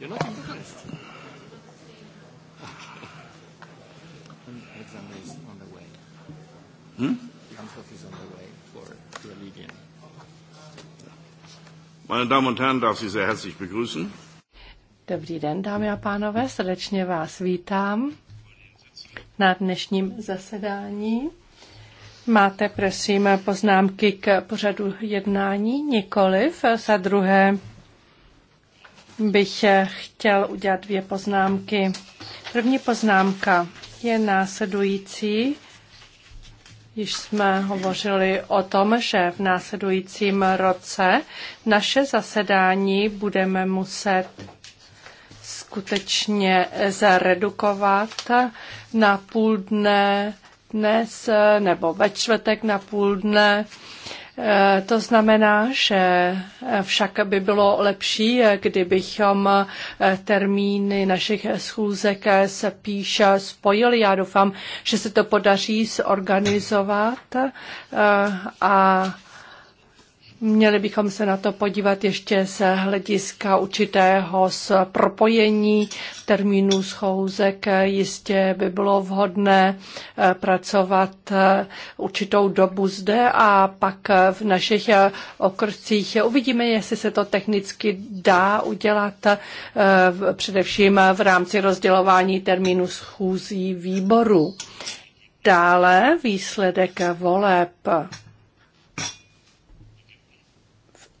You're not in Alexander is on the way. Hmm? Antwerp is on the way for the Libyan. Meine Damen und Herren, darf Sie sehr herzlich begrüßen. Dobrý den, dámy a pánové, srdečně vás vítám na dnešním zasedání. Máte, prosím, poznámky k pořadu jednání? Nikoliv. Za druhé, bych eh, chtěl udělat dvě poznámky. První poznámka je následující. Již jsme hovořili o tom, že v následujícím roce naše zasedání budeme muset skutečně zaredukovat na půl dne dnes eh, nebo ve čtvrtek na půl dne Eh, to znamená, že eh, však by bylo lepší, eh, kdybychom termíny našich schůzek se píš spojili. Já doufám, že se to podaří zorganizovat a Měli bychom se na to podívat ještě z hlediska určitého z propojení termínů schůzek. Jistě by bylo vhodné eh, pracovat eh, určitou dobu zde a pak eh, v našich okrcích uvidíme, jestli se to technicky dá udělat především v rámci rozdělování termínů schůzí výboru. Dále výsledek voleb.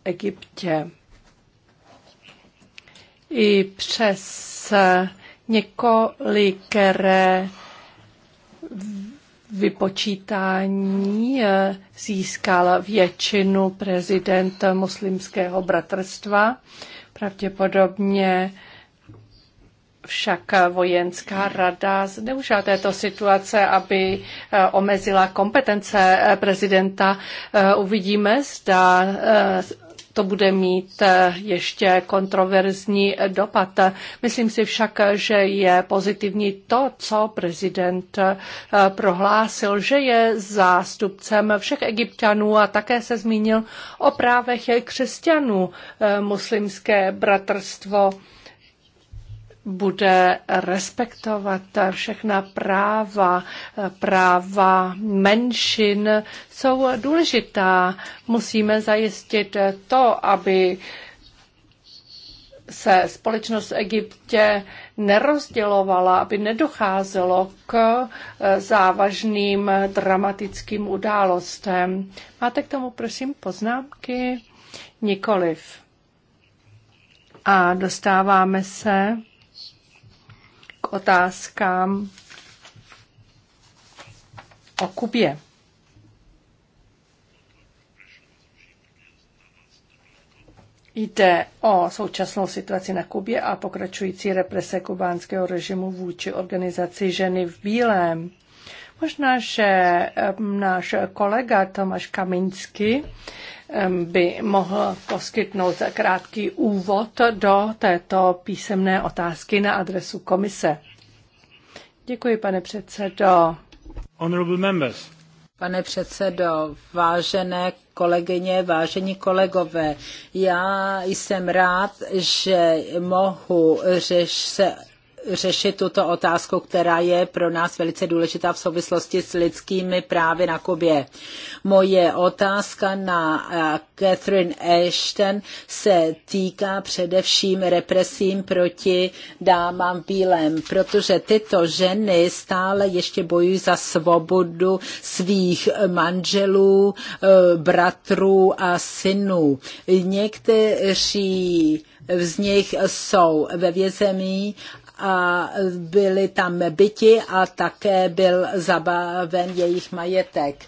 Egyptě. I přes několikere vypočítání eh, získal většinu prezident muslimského bratrstva. Pravděpodobně však vojenská rada zneužila této situace, aby eh, omezila kompetence eh, prezidenta. Uvidíme, zda to bude mít eh, ještě kontroverzní dopad. Myslím si však, že je pozitivní to, co prezident eh, prohlásil, že je zástupcem všech egyptianů a také se zmínil o právech křesťanů, eh, muslimské bratrstvo bude respektovat všechna práva, práva menšin, jsou důležitá. Musíme zajistit to, aby se společnost v Egyptě nerozdělovala, aby nedocházelo k závažným dramatickým událostem. Máte k tomu, prosím, poznámky? Nikoliv. A dostáváme se otázkám o Kubě. Jde o současnou situaci na Kubě a pokračující represe kubánského režimu vůči organizaci Ženy v Bílém. Možná, že náš kolega Tomáš Kaminsky by mohl poskytnout krátký úvod do této písemné otázky na adresu komise. Děkuji, pane předsedo. Honorable members. Pane předsedo, vážené kolegyně, vážení kolegové, já jsem rád, že mohu řešit se řešit tuto otázku, která je pro nás velice důležitá v souvislosti s lidskými právy na Kubě. Moje otázka na eh, Catherine Ashton se týká především represím proti dámám v bílém, protože tyto ženy stále ještě bojují za svobodu svých manželů, eh, bratrů a synů. Někteří z nich jsou ve vězemí a byli tam byti a také byl zabaven jejich majetek.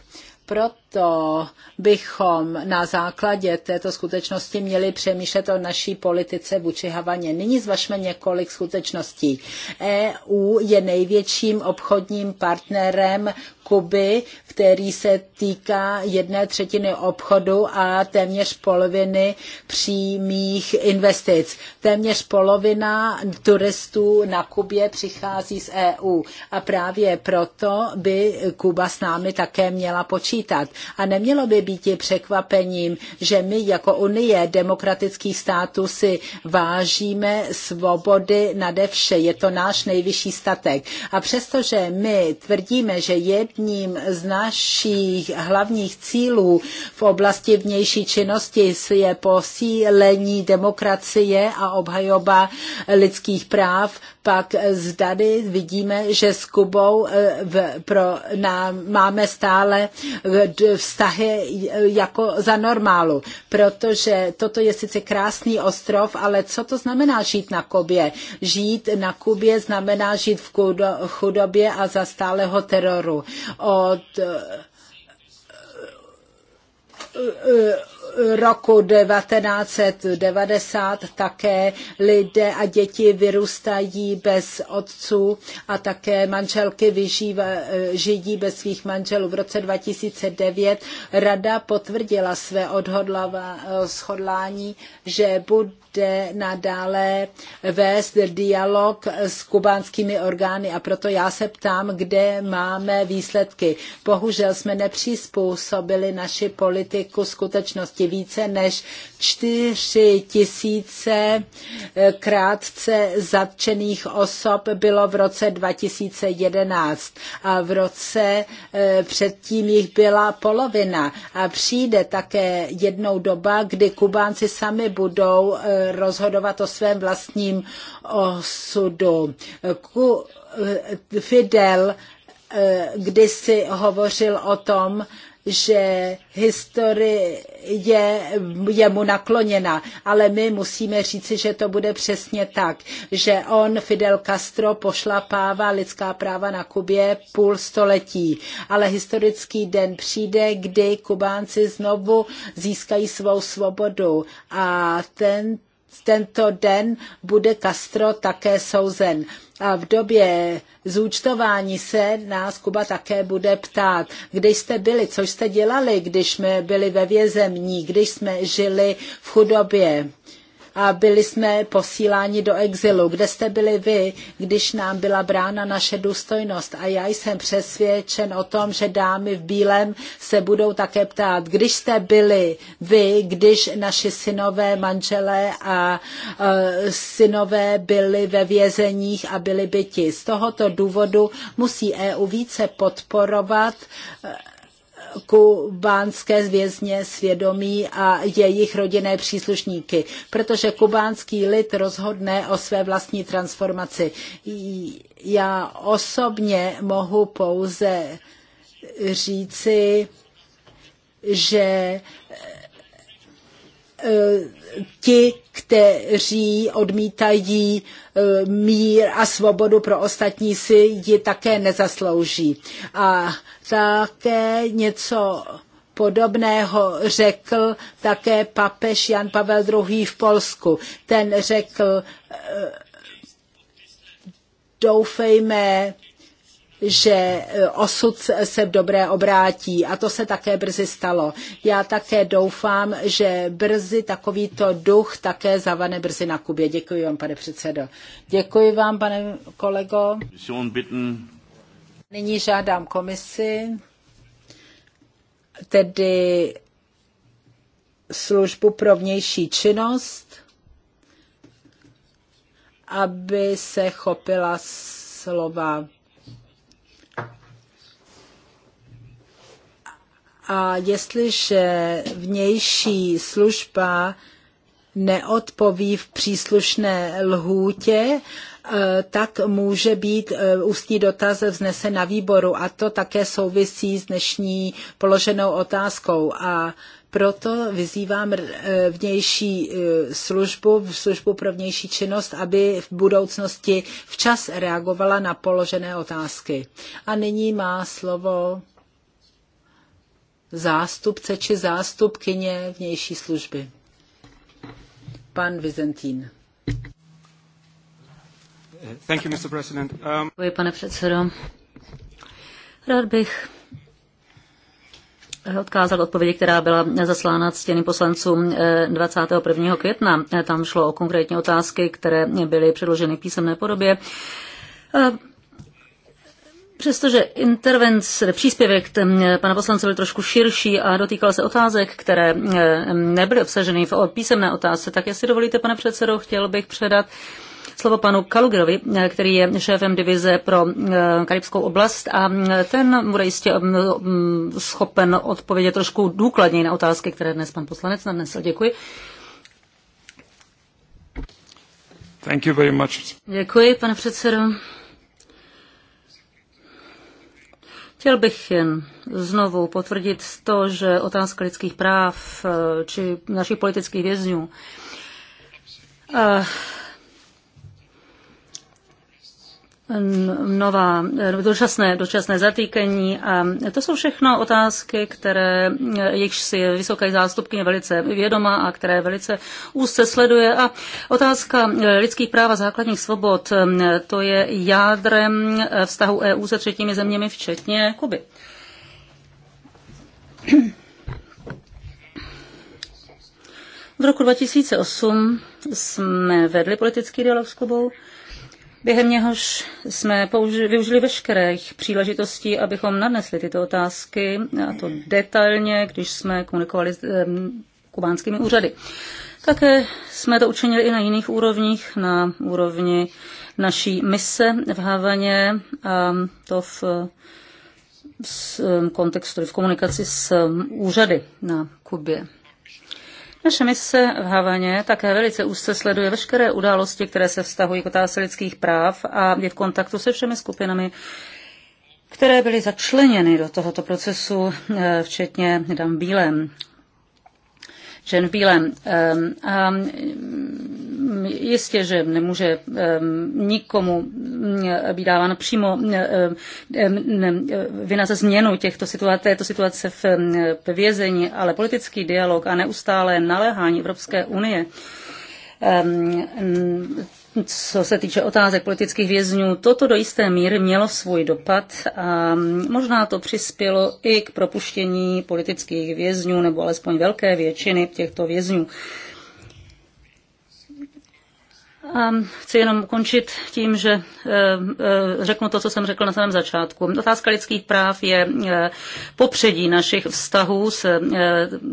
Proto proto bychom na základě této skutečnosti měli přemýšlet o naší politice vůči Havaně. Nyní zvažme několik skutečností. EU je největším obchodním partnerem Kuby, který se týká jedné třetiny obchodu a téměř poloviny přímých investic. Téměř polovina turistů na Kubě přichází z EU a právě proto by Kuba s námi také měla počítat. A nemělo by být překvapením, že my jako Unie demokratických států si vážíme svobody nade vše. Je to náš nejvyšší statek. A přestože my tvrdíme, že jedním z našich hlavních cílů v oblasti vnější činnosti je posílení demokracie a obhajoba lidských práv, pak tady vidíme, že s Kubou eh, v, pro, na, máme stále eh, vztahy jako za normálu, protože toto je sice krásný ostrov, ale co to znamená žít na Kubě? Žít na Kubě znamená žít v chudobě a za stáleho teroru. Od eh, roku 1990 také lidé a děti vyrůstají bez otců a také manželky vyžíva, žijí bez svých manželů. V roce 2009 rada potvrdila své odhodlání, že bude nadále vést dialog s kubánskými orgány a proto já se ptám, kde máme výsledky. Bohužel jsme nepřizpůsobili naši politiku skutečnosti minulosti více než 4 tisíce eh, krátce zatčených osob bylo v roce 2011 a v roce eh, předtím jich byla polovina. A přijde také jednou doba, kdy Kubánci sami budou eh, rozhodovat o svém vlastním osudu. Fidel kdysi hovořil o tom, že historie je je mu nakloněna, ale my musíme říci, že to bude přesně tak, že on, Fidel Castro, pošlapává lidská práva na Kubě půl století, ale historický den přijde, kdy Kubánci znovu získají svou svobodu a ten tento den bude Castro také souzen. A v době zúčtování se nás Kuba také bude ptát, kde jste byli, co jste dělali, když jsme byli ve vězení, když jsme žili v chudobě a byli jsme posíláni do exilu. Kde jste byli vy, když nám byla brána naše důstojnost? A já jsem přesvědčen o tom, že dámy v bílém se budou také ptát, když jste byli vy, když naši synové, manželé a uh, synové byli ve vězeních a byli byti. Z tohoto důvodu musí EU více podporovat uh, kubánské zvězně svědomí a jejich rodinné příslušníky, protože kubánský lid rozhodne o své vlastní transformaci. Já osobně mohu pouze říci, že ti, kteří odmítají e, mír a svobodu pro ostatní, si ji také nezaslouží. A také něco podobného řekl také papež Jan Pavel II. v Polsku. Ten řekl, e, doufejme, že e, osud se v dobré obrátí a to se také brzy stalo. Já také doufám, že brzy takovýto duch také zavane brzy na Kubě. Děkuji vám, pane předsedo. Děkuji vám, pane kolego. Nyní žádám komisi, tedy službu pro vnější činnost, aby se chopila slova. A jestliže vnější služba neodpoví v příslušné lhůtě, eh, tak může být eh, ústní dotaz vznesen na výboru a to také souvisí s dnešní položenou otázkou. A proto vyzývám eh, vnější službu, službu pro vnější činnost, aby v budoucnosti včas reagovala na položené otázky. A nyní má slovo zástupce či zástupkyně vnější služby. Pan Vizentín. Thank you, Mr. President. Um... Děkuji, pane předsedo. Rád bych odkázal odpovědi, která byla zaslána ctěným poslancům 21. Eh, května. Eh, tam šlo o konkrétní otázky, které byly předloženy v písemné podobě. Eh, Přestože intervence, příspěvek pana poslance byl trošku širší a dotýkal se otázek, které nebyly obsaženy v písemné otázce, tak jestli dovolíte, pane předsedo, chtěl bych předat slovo panu Kalugerovi, který je šéfem divize pro karibskou oblast a ten bude jistě schopen odpovědět trošku důkladněji na otázky, které dnes pan poslanec nadnesl. Děkuji. Thank you very much. Děkuji, pane předsedo. Chtěl bych jen znovu potvrdit to, že otázka lidských práv eh, či našich politických vězňů eh, nová dočasné, dočasné zatýkení. A to jsou všechno otázky, které jichž si vysoká zástupkyně velice vědoma a které velice úzce sleduje. A otázka lidských práv a základních svobod, to je jádrem vztahu EU se třetími zeměmi, včetně Kuby. V roku 2008 jsme vedli politický dialog s Kubou během něhož jsme použi- využili veškerých příležitostí, abychom nadnesli tyto otázky, a to detailně, když jsme komunikovali s kubánskými úřady. Také jsme to učinili i na jiných úrovních, na úrovni naší mise v Havaně, a to v, v kontextu, v komunikaci s úřady na Kubě. Naše mise v Havaně také velice úzce sleduje veškeré události, které se vztahují k otázce lidských práv a je v kontaktu se všemi skupinami, které byly začleněny do tohoto procesu, eh, včetně Dan Bílem žen v bílém. Ehm, a mm, jistě, že nemůže ehm, nikomu mm, být dáván přímo mm, ehm, vina za změnu těchto situace, této situace v, vězení, ale politický dialog a neustále naléhání Evropské unie co se týče otázek politických vězňů, toto do jisté míry mělo svůj dopad a možná to přispělo i k propuštění politických vězňů nebo alespoň velké většiny těchto vězňů. A ehm, chci jenom končit tím, že ehm, ehm, řeknu to, co jsem řekl na samém začátku. Otázka lidských práv je eh, popředí našich vztahů eh,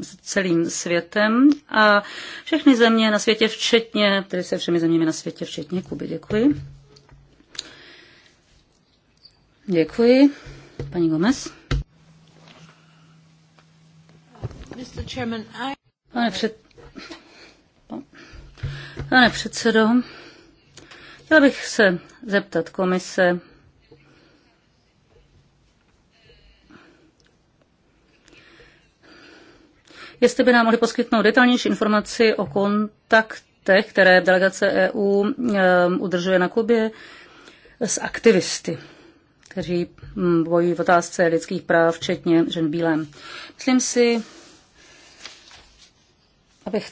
s celým světem a všechny země na světě, včetně, tedy se všemi zeměmi na světě, včetně Kuby. Děkuji. Děkuji. Paní Gomez. Pane před, Pane předsedo, chtěla bych se zeptat komise, jestli by nám mohli poskytnout detailnější informaci o kontaktech, které delegace EU udržuje na Kubě s aktivisty kteří mm, bojují v otázce lidských práv, včetně žen bílém. Myslím si, abych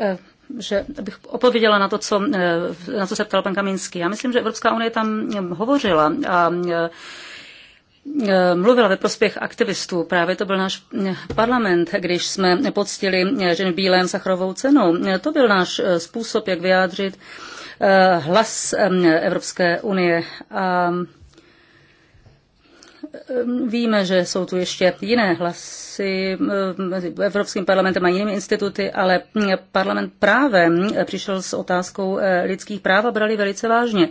eh, že bych opověděla na to, co, eh, na co se ptal pan Kaminský. Já myslím, že Evropská unie tam hovořila a eh, mluvila ve prospěch aktivistů. Právě to byl náš parlament, když jsme poctili eh, ženy Bílém sachrovou cenou. To byl náš způsob, jak vyjádřit hlas Evropské unie. A Ehm, víme, že jsou tu ještě jiné hlasy ehm, mezi Evropským parlamentem a jinými instituty, ale hm, parlament právě hm, přišel s otázkou eh, lidských práv a brali velice vážně.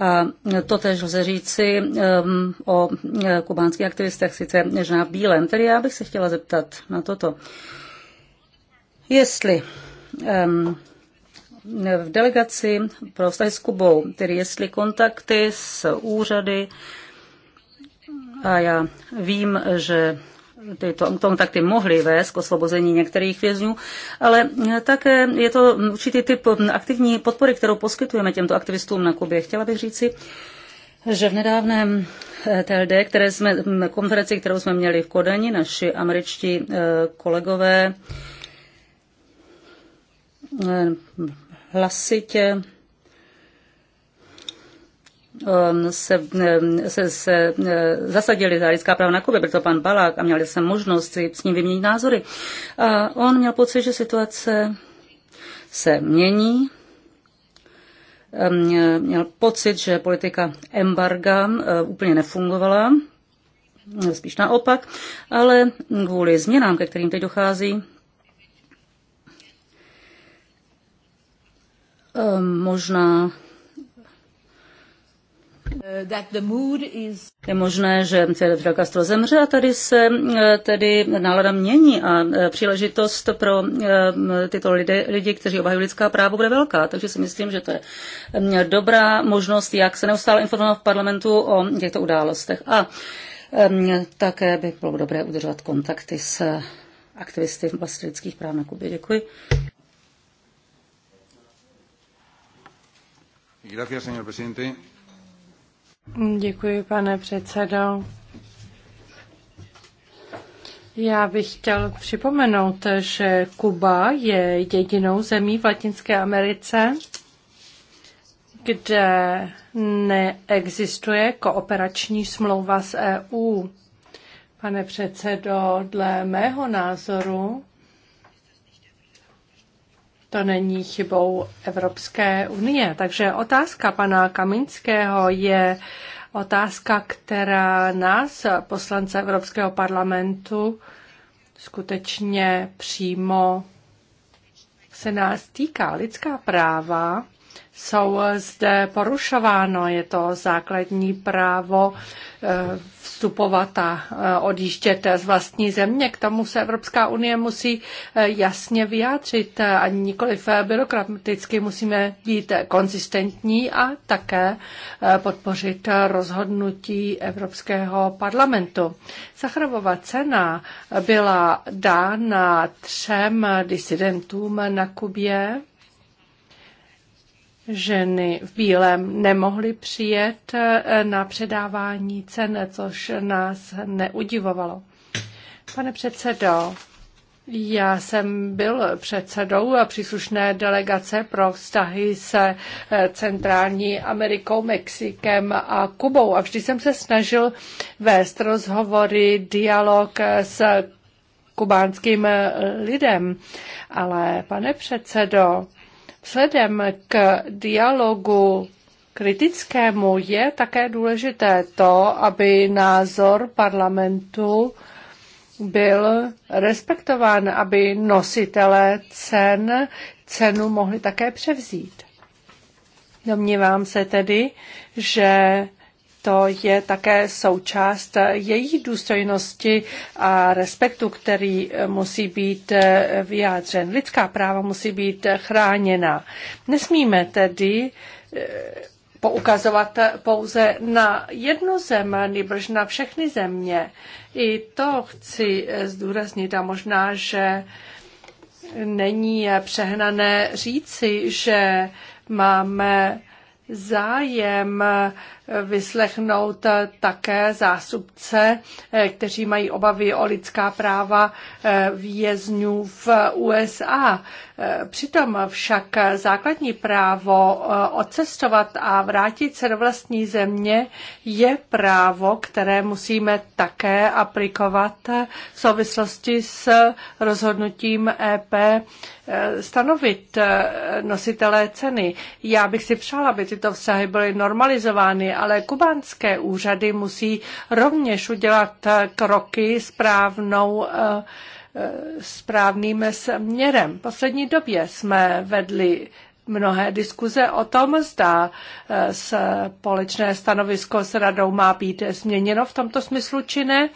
A to tež lze říci um, o eh, kubánských aktivistech, sice žena v bílém. Tedy já bych se chtěla zeptat na toto. Jestli um, v delegaci pro vztahy s Kubou, tedy jestli kontakty s úřady, a já vím, že tyto kontakty mohly vést k osvobození některých vězňů, ale také je to určitý typ aktivní podpory, kterou poskytujeme těmto aktivistům na Kubě. Chtěla bych říci, že v nedávném eh, TLD, které jsme, konferenci, kterou jsme měli v Kodani, naši američtí eh, kolegové eh, hlasitě Um, um, se, se, se uh, zasadili za lidská práva na Kubě, byl to pan Balák a měli jsem možnost s ním vyměnit názory. A on měl pocit, že situace se mění, um, měl pocit, že politika embarga uh, úplně nefungovala, spíš naopak, ale kvůli změnám, ke kterým teď dochází, možná je možné, že Fidel Castro zemře a tady se eh, tedy nálada mění a eh, příležitost pro eh, tyto lidi, lidi kteří obhajují lidská práva, bude velká. Takže si myslím, že to je dobrá možnost, jak se neustále informovat v parlamentu o těchto událostech. A také by bylo dobré udržovat kontakty s aktivisty v oblasti lidských práv na Kubě. Děkuji. Gracias, señor presidente. Děkuji, pane předsedo. Já bych chtěl připomenout, že Kuba je jedinou zemí v Latinské Americe, kde neexistuje kooperační smlouva s EU. Pane předsedo, dle mého názoru to není chybou Evropské unie. Takže otázka pana Kaminského je otázka, která nás, poslance Evropského parlamentu, skutečně přímo se nás týká lidská práva jsou zde porušováno. Je to základní právo eh, vstupovat a eh, odjíždět z vlastní země. K tomu se Evropská unie musí eh, jasně vyjádřit a nikoliv byrokraticky musíme být konzistentní a také podpořit rozhodnutí Evropského parlamentu. Sacharovova cena byla dána třem disidentům na Kubě ženy v bílém nemohly přijet eh, na předávání cen, což nás neudivovalo. Pane předsedo, já jsem byl předsedou příslušné delegace pro vztahy se eh, Centrální Amerikou, Mexikem a Kubou a vždy jsem se snažil vést rozhovory, dialog eh, s kubánským lidem. Ale pane předsedo, Vzhledem k dialogu kritickému je také důležité to, aby názor parlamentu byl respektován, aby nositelé cen cenu mohli také převzít. Domnívám se tedy, že to je také součást její důstojnosti a respektu, který musí být vyjádřen. Lidská práva musí být chráněna. Nesmíme tedy eh, poukazovat pouze na jednu zem, nebož na všechny země. I to chci zdůraznit a možná, že není přehnané říci, že máme zájem vyslechnout eh, také zástupce, eh, kteří mají obavy o lidská práva eh, vězňů v USA. Přitom však základní právo odcestovat a vrátit se do vlastní země je právo, které musíme také aplikovat v souvislosti s rozhodnutím EP stanovit nositelé ceny. Já bych si přála, aby tyto vztahy byly normalizovány ale kubánské úřady musí rovněž udělat kroky správnou eh, eh, správným směrem. V poslední době jsme vedli mnohé diskuze o tom, zda eh, společné stanovisko s radou má být změněno v tomto smyslu či ne,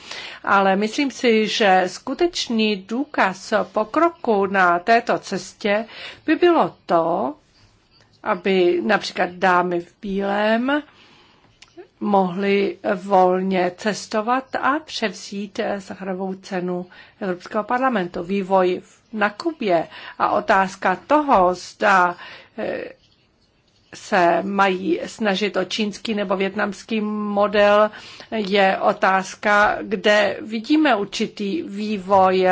ale myslím si, že skutečný důkaz pokroku na této cestě by bylo to, aby například dámy v bílém mohli volně cestovat a převzít Sacharovou cenu Evropského parlamentu. Vývoj na Kubě a otázka toho, zda eh, se mají snažit o čínský nebo větnamský model, je otázka, kde vidíme určitý vývoj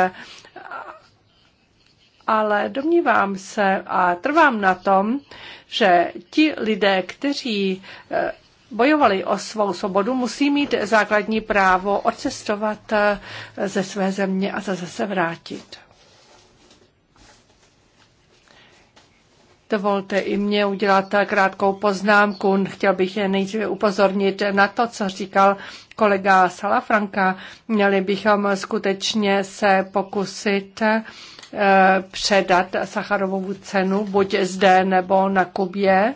ale domnívám se a trvám na tom, že ti lidé, kteří eh, bojovali o svou svobodu, musí mít základní právo odcestovat eh, ze své země a zase se vrátit. Dovolte i mě udělat krátkou poznámku. Chtěl bych je nejdříve upozornit na to, co říkal kolega Salafranka. Měli bychom skutečně se pokusit eh, předat Sacharovovu cenu buď zde nebo na Kubě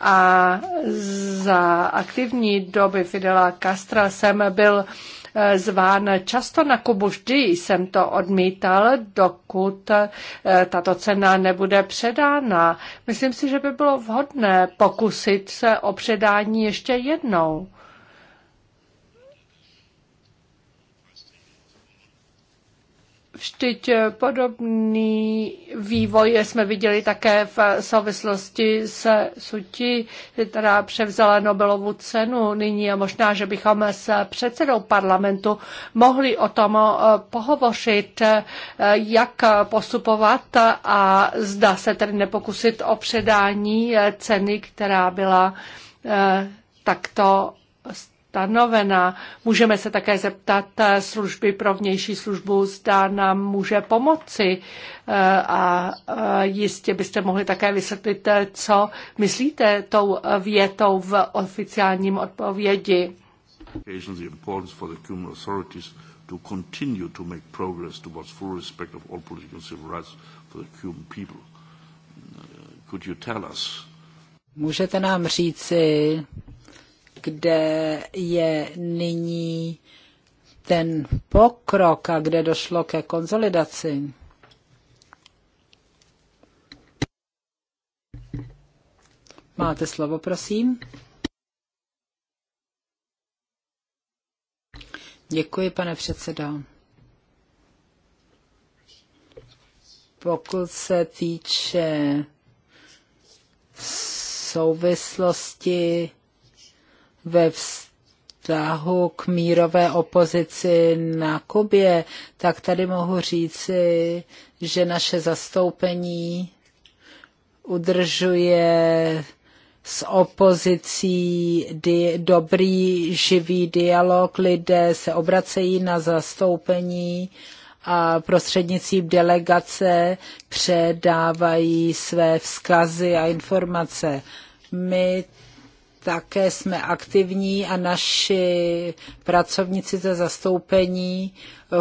a za aktivní doby Fidela Castra jsem byl eh, zván často na Kubu. Vždy jsem to odmítal, dokud eh, tato cena nebude předána. Myslím si, že by bylo vhodné pokusit se o předání ještě jednou. Vždyť eh, podobný vývoj jsme viděli také v souvislosti se Suti, která převzala Nobelovu cenu nyní a možná, že bychom s předsedou parlamentu mohli o tom eh, pohovořit, eh, jak postupovat a zda se tedy nepokusit o předání ceny, která byla takto stanovena. Můžeme se také zeptat eh, služby pro vnější službu, zda nám může pomoci eh, a eh, jistě byste mohli také vysvětlit, co myslíte tou větou v oficiálním odpovědi. to continue to make progress towards full respect of all political and civil rights for the Cuban people. Uh, could you tell us? Můžete nám říci, kde je nyní ten pokrok a kde došlo ke konzolidaci. Máte slovo, prosím. Děkuji, pane předsedo. Pokud se týče souvislosti ve vztahu k mírové opozici na Kubě, tak tady mohu říci, že naše zastoupení udržuje s opozicí di- dobrý živý dialog. Lidé se obracejí na zastoupení a prostřednictvím delegace předávají své vzkazy a informace. My také jsme aktivní a naši pracovníci ze zastoupení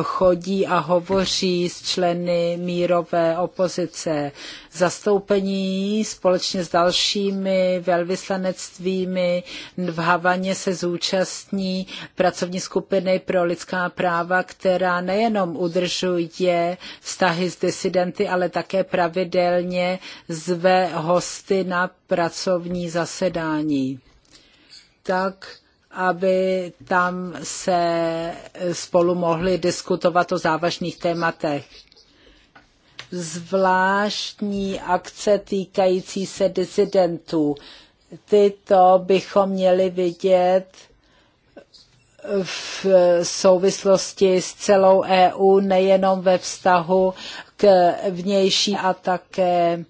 chodí a hovoří s členy mírové opozice. Zastoupení společně s dalšími velvyslanectvími v Havaně se zúčastní pracovní skupiny pro lidská práva, která nejenom udržuje vztahy s disidenty, ale také pravidelně zve hosty na pracovní zasedání. Tak aby tam se spolu mohli diskutovat o závažných tématech. Zvláštní akce týkající se disidentů. Tyto bychom měli vidět v souvislosti s celou EU, nejenom ve vztahu k vnější a také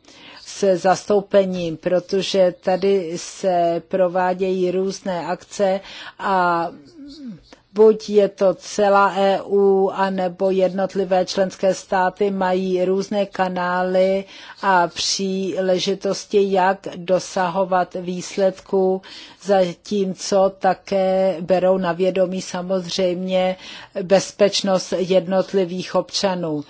s zastoupením, protože tady se provádějí různé akce a buď je to celá EU, anebo jednotlivé členské státy mají různé kanály a příležitosti, jak dosahovat výsledků, zatímco také berou na vědomí samozřejmě bezpečnost jednotlivých občanů.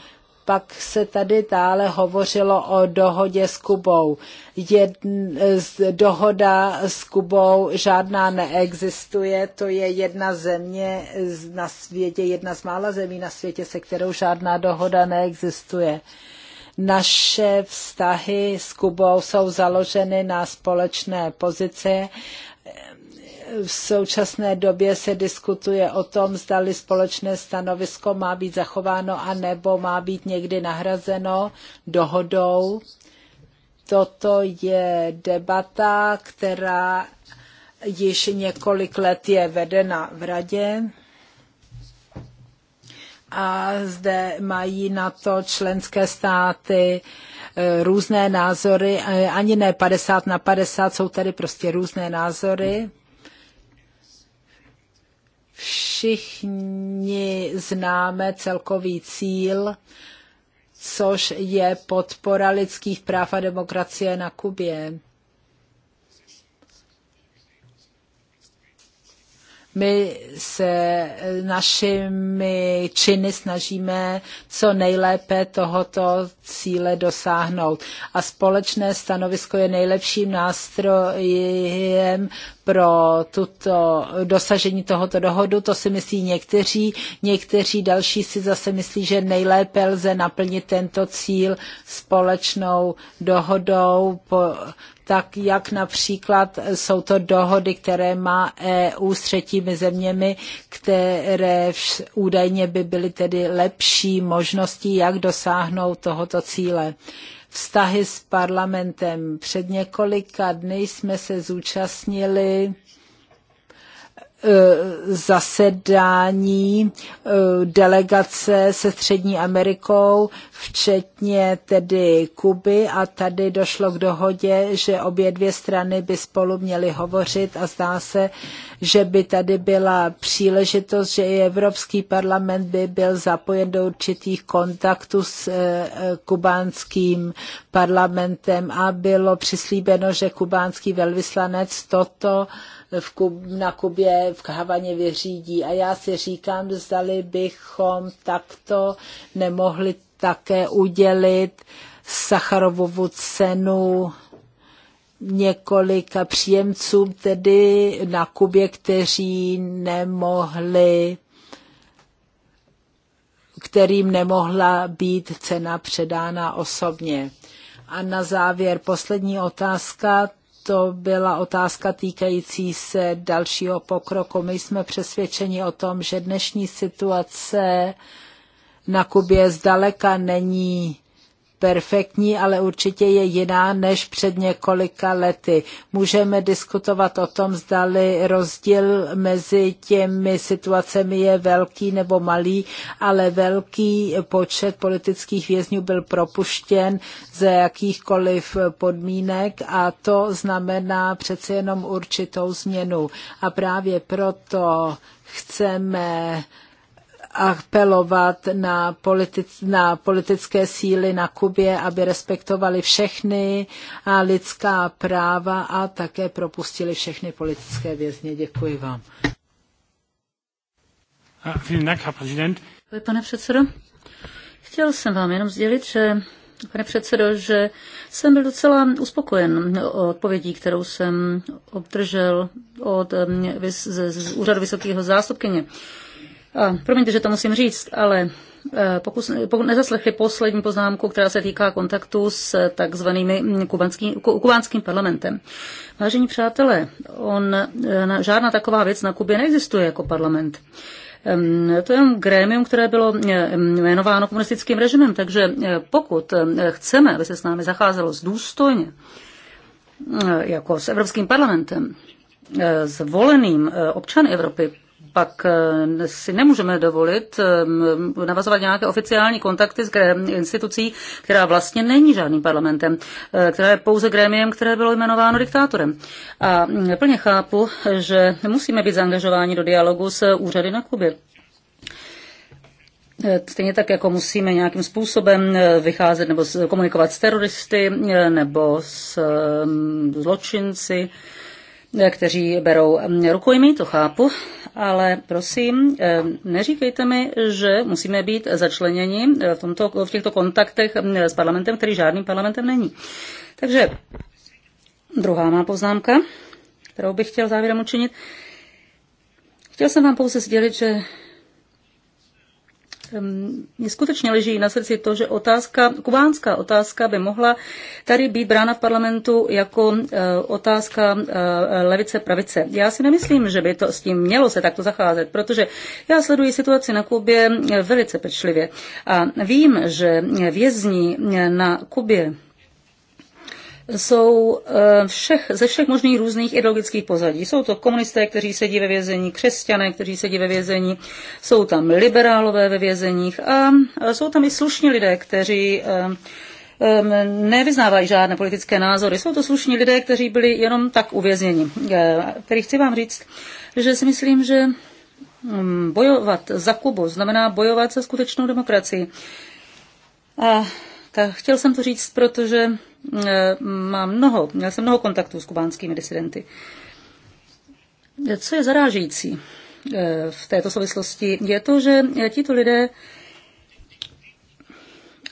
Pak se tady dále hovořilo o dohodě s Kubou. Jedn, dohoda s Kubou žádná neexistuje, to je jedna země na světě, jedna z mála zemí na světě, se kterou žádná dohoda neexistuje naše vztahy s Kubou jsou založeny na společné pozici v současné době se diskutuje o tom, zdali společné stanovisko má být zachováno a nebo má být někdy nahrazeno dohodou. Toto je debata, která již několik let je vedena v radě a zde mají na to členské státy e, různé názory, e, ani ne 50 na 50, jsou tady prostě různé názory. Všichni známe celkový cíl, což je podpora lidských práv a demokracie na Kubě. my se našimi činy snažíme co nejlépe tohoto cíle dosáhnout. A společné stanovisko je nejlepším nástrojem pro tuto dosažení tohoto dohodu, to si myslí někteří, někteří další si zase myslí, že nejlépe lze naplnit tento cíl společnou dohodou, po, tak jak například jsou to dohody, které má EU s třetími zeměmi, které vš, údajně by byly tedy lepší možností, jak dosáhnout tohoto cíle. Uh, vztahy s parlamentem. Před několika dny jsme se zúčastnili Eh, zasedání eh, delegace se Střední Amerikou, včetně tedy Kuby a tady došlo k dohodě, že obě dvě strany by spolu měly hovořit a zdá se, že by tady byla příležitost, že i Evropský parlament by byl zapojen do určitých kontaktů s eh, kubánským parlamentem a bylo přislíbeno, že kubánský velvyslanec toto v Kub, na Kubě v Havaně vyřídí. A já si říkám, zdali bychom takto nemohli také udělit Sacharovovu cenu několika příjemcům, tedy na Kubě, kteří nemohli kterým nemohla být cena předána osobně. A na závěr poslední otázka, to byla otázka týkající se dalšího pokroku. My jsme přesvědčeni o tom, že dnešní situace na Kubě zdaleka není perfektní, ale určitě je jiná než před několika lety. Můžeme diskutovat o tom, zdali rozdíl mezi těmi situacemi je velký nebo malý, ale velký počet politických vězňů byl propuštěn ze jakýchkoliv podmínek a to znamená přece jenom určitou změnu. A právě proto chceme apelovat na, politic, na politické síly na Kubě, aby respektovali všechny lidská práva a také propustili všechny politické vězně. Děkuji vám. pane předsedo. Chtěl jsem vám jenom sdělit, že Pane předsedo, že jsem byl docela uspokojen odpovědí, kterou jsem obdržel od z, z, z úřadu vysokého zástupkyně. A promiňte, že to musím říct, ale e, pokud, pokud nezaslechli poslední poznámku, která se týká kontaktu s takzvanými kubanský, kubánským parlamentem. Vážení přátelé, on, e, žádná taková věc na Kubě neexistuje jako parlament. To je grémium, které bylo e, jmenováno komunistickým režimem, takže pokud chceme, aby se s námi zacházelo důstojně, jako s Evropským parlamentem, zvoleným občany Evropy, pak eh, si nemůžeme dovolit eh, navazovat nějaké oficiální kontakty s institucí, která vlastně není žádným parlamentem, eh, která je pouze grémiem, které bylo jmenováno diktátorem. A mm, plně chápu, že musíme být zaangažováni do dialogu s úřady na Kubě. Stejně tak, jako musíme nějakým způsobem vycházet nebo komunikovat s teroristy nebo s zločinci, kteří berou mm, rukojmí, to chápu, ale prosím, eh, neříkejte mi, že musíme být začleněni eh, v, tomto, v těchto kontaktech mm, s parlamentem, který žádným parlamentem není. Takže druhá má poznámka, kterou bych chtěl závěrem učinit. Chtěl jsem vám pouze sdělit, že Ehm, mně skutečně leží na srdci to, že otázka, kubánská otázka by mohla tady být brána v parlamentu jako eh, otázka eh, levice-pravice. Já si nemyslím, že by to s tím mělo se takto zacházet, protože já sleduji situaci na Kubě eh, velice pečlivě a vím, že vězni na Kubě jsou eh, všech, ze všech možných různých ideologických pozadí. Jsou to komunisté, kteří sedí ve vězení, křesťané, kteří sedí ve vězení, jsou tam liberálové ve vězeních a jsou tam i slušní lidé, kteří eh, eh, nevyznávají žádné politické názory. Jsou to slušní lidé, kteří byli jenom tak uvězněni. Který chci vám říct, že si myslím, že hm, bojovat za Kubu znamená bojovat za skutečnou demokracii. A tak chtěl jsem to říct, protože eh, mám mnoho, měl jsem mnoho kontaktů s kubánskými disidenty. Co je zarážející eh, v této souvislosti, je to, že tito lidé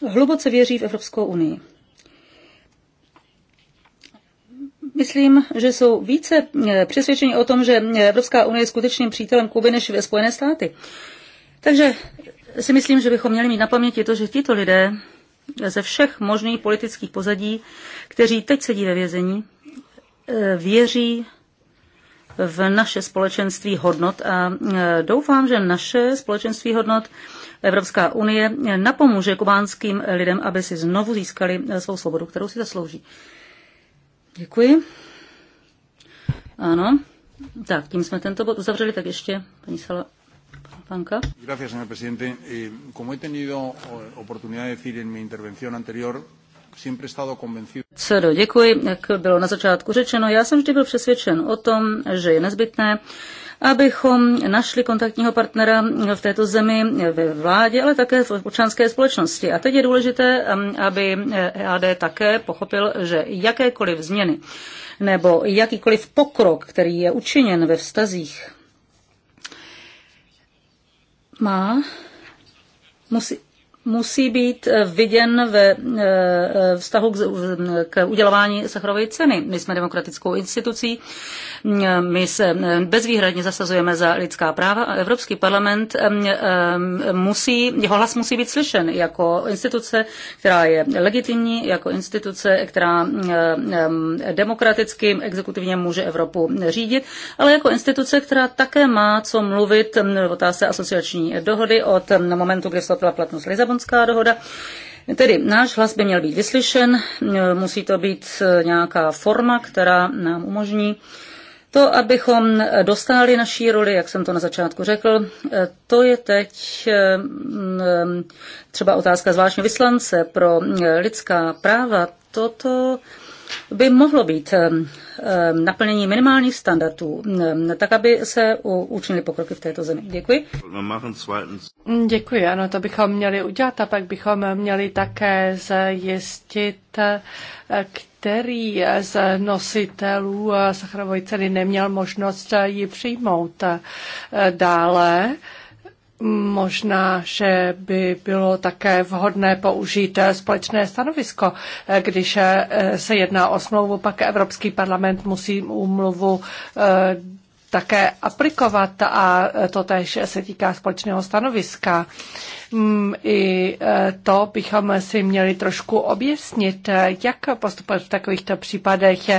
hluboce věří v Evropskou unii. Myslím, že jsou více eh, přesvědčeni o tom, že Evropská unie je skutečným přítelem Kuby než Spojené státy. Takže si myslím, že bychom měli mít na paměti to, že tito lidé ze všech možných politických pozadí, kteří teď sedí ve vězení, eh, věří v naše společenství hodnot a eh, doufám, že naše společenství hodnot Evropská unie eh, napomůže kubánským lidem, aby si znovu získali svou svobodu, kterou si zaslouží. Děkuji. Ano. Tak, tím jsme tento bod uzavřeli, tak ještě paní Sala Panka. Gracias, señor presidente. Eh, como he tenido oportunidad de decir en mi intervención anterior, siempre Cedo, děkuji. Jak bylo na začátku řečeno, já jsem vždy byl přesvědčen o tom, že je nezbytné, abychom našli kontaktního partnera v této zemi ve vládě, ale také v občanské společnosti. A teď je důležité, um, aby EAD také pochopil, že jakékoliv změny nebo jakýkoliv pokrok, který je učiněn ve vztazích má, musí, musí být eh, viděn ve eh, eh, vztahu k udělování Sacharovy ceny. My jsme demokratickou institucí, mm, my se bezvýhradně zasazujeme za lidská práva a Evropský parlament mm, musí, jeho hlas musí být slyšen jako instituce, která je legitimní, jako instituce, která mm, demokraticky, exekutivně může Evropu řídit, ale jako instituce, která také má co mluvit v otázce asociační dohody od momentu, kdy vstoupila platnost Lisabon Lisabonská dohoda. Tedy náš hlas by měl být vyslyšen, e, musí to být e, nějaká forma, která nám umožní to, abychom dostali naší roli, jak jsem to na začátku řekl, e, to je teď třeba otázka zvláštního vyslance pro lidská práva. Toto by mohlo být Eh, naplnění minimálních standardů, eh, tak aby se učinili pokroky v této zemi. Děkuji. Děkuji, ano, to bychom měli udělat a pak bychom měli také zjistit, který z nositelů Sacharovoj ceny neměl možnost ji přijmout. Dále Možná, že by bylo také vhodné použít eh, společné stanovisko. Eh, když eh, se jedná o smlouvu, pak Evropský parlament musí úmluvu také aplikovat a to tež se týká společného stanoviska. Mm, I to bychom si měli trošku objasnit, jak postupovat v takovýchto případech,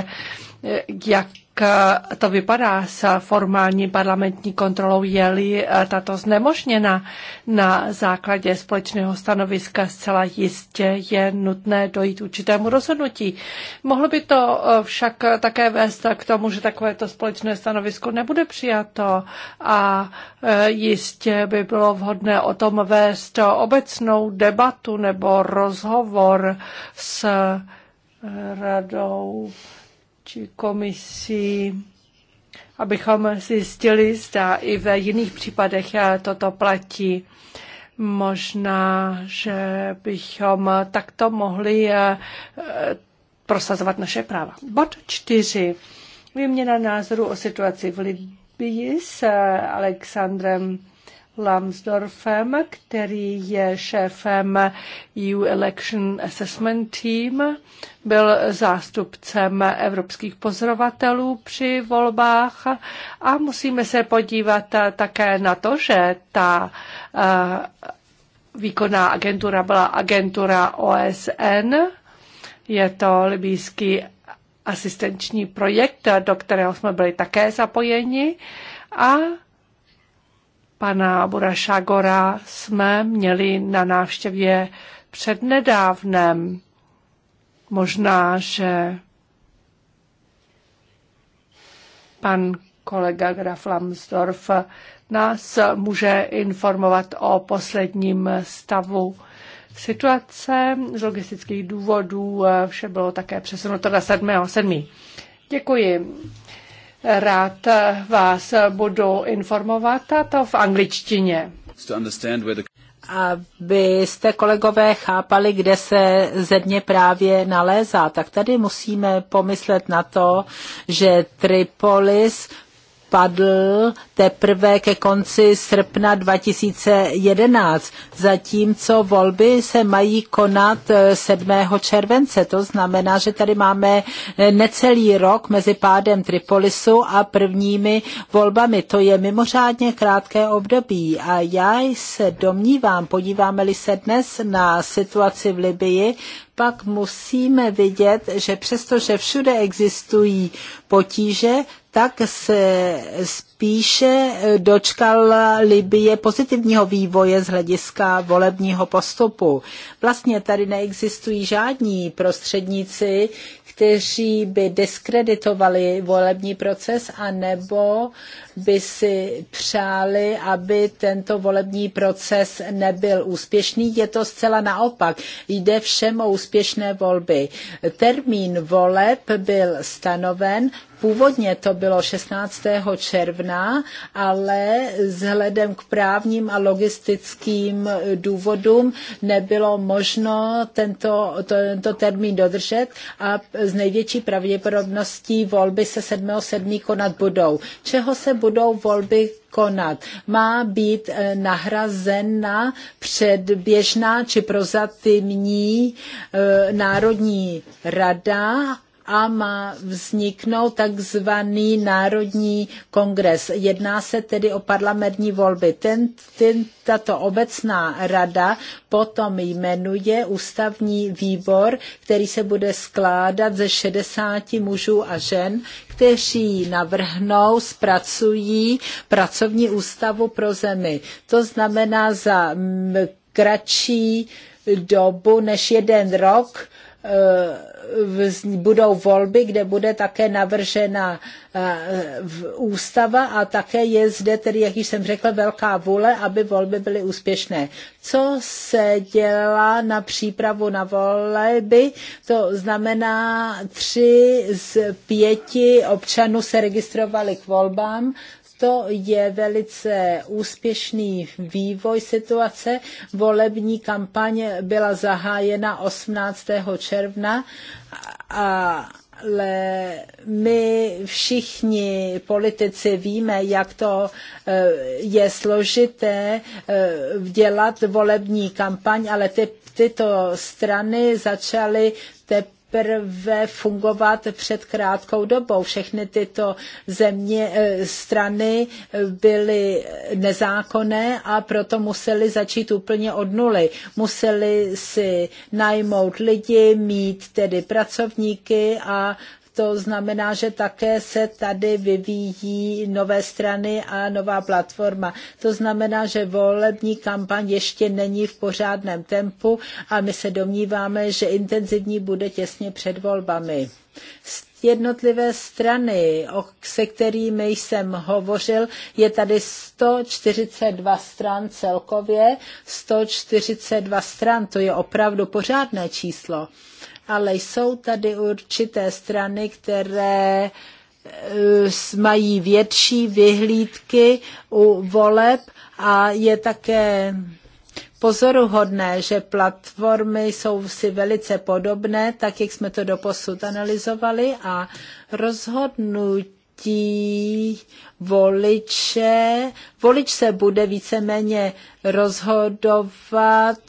jak Eh, to vypadá s formální parlamentní kontrolou, je-li eh, tato znemožněna na základě společného stanoviska zcela jistě je nutné dojít určitému rozhodnutí. Mohlo by to eh, však také vést k tomu, že takovéto společné stanovisko nebude přijato a jistě by bylo vhodné o tom vést obecnou debatu nebo rozhovor s radou či komisí, abychom zjistili, zda i v jiných případech eh, toto platí. Možná, že bychom takto mohli eh, prosazovat naše práva. Bod čtyři. Výměna názoru o situaci v Libii s eh, Alexandrem Lambsdorffem, který je šéfem EU Election Assessment Team, byl zástupcem evropských pozorovatelů při volbách a musíme se podívat eh, také na to, že ta eh, výkonná agentura byla agentura OSN. Je to libýský asistenční projekt, do kterého jsme byli také zapojeni a pana Burašagora jsme měli na návštěvě přednedávnem. Možná, že pan kolega Graf Lambsdorff nás může informovat o posledním stavu situace. Z logistických důvodů vše bylo také přesunuto na 7.7. Děkuji. Rád vás budu informovat, a to v angličtině. Abyste kolegové chápali, kde se země právě nalézá, tak tady musíme pomyslet na to, že Tripolis padl teprve ke konci srpna 2011, zatímco volby se mají konat 7. Eh, července. To znamená, že tady máme eh, necelý rok mezi pádem Tripolisu a prvními volbami. To je mimořádně krátké období a já se domnívám, podíváme-li se dnes na situaci v Libii, pak musíme vidět, že přestože všude existují potíže, tak se spíše eh, dočkal Libie pozitivního vývoje z hlediska volebního postupu. Vlastně tady neexistují žádní prostředníci, kteří by diskreditovali volební proces a nebo by si přáli, aby tento volební proces nebyl úspěšný. Je to zcela naopak. Jde všem o úspěšné volby. Termín voleb byl stanoven Původně to bylo 16. června, ale vzhledem k právním a logistickým důvodům nebylo možno tento, tento termín dodržet a z největší pravděpodobností volby se 7.7. konat budou. Čeho se budou budou volby konat. Má být eh, nahrazena předběžná či prozatímní eh, národní rada a má vzniknout takzvaný Národní kongres. Jedná se tedy o parlamentní volby. Ten, ten, tato obecná rada potom jmenuje ústavní výbor, který se bude skládat ze 60 mužů a žen, kteří navrhnou, zpracují pracovní ústavu pro zemi. To znamená za kratší dobu než jeden rok Eh, budou volby, kde bude také navržena eh, ústava a také je zde tedy, jak již jsem řekla, velká vůle, aby volby byly úspěšné. Co se dělá na přípravu na volby? To znamená, tři z pěti občanů se registrovali k volbám, to je velice úspěšný vývoj situace. Volební kampaň byla zahájena 18. června a ale my všichni politici víme, jak to eh, je složité eh, dělat volební kampaň, ale ty, tyto strany začaly teprve teprve fungovat před krátkou dobou. Všechny tyto země, eh, strany eh, byly nezákonné a proto museli začít úplně od nuly. Museli si najmout lidi, mít tedy pracovníky a to znamená, že také se tady vyvíjí nové strany a nová platforma. To znamená, že volební kampaň ještě není v pořádném tempu a my se domníváme, že intenzivní bude těsně před volbami jednotlivé strany, se kterými jsem hovořil, je tady 142 stran celkově. 142 stran, to je opravdu pořádné číslo ale jsou tady určité strany, které eh, mají větší vyhlídky u voleb a je také pozoruhodné, že platformy jsou si velice podobné, tak jak jsme to doposud analyzovali a rozhodnutí voliče, volič se bude víceméně rozhodovat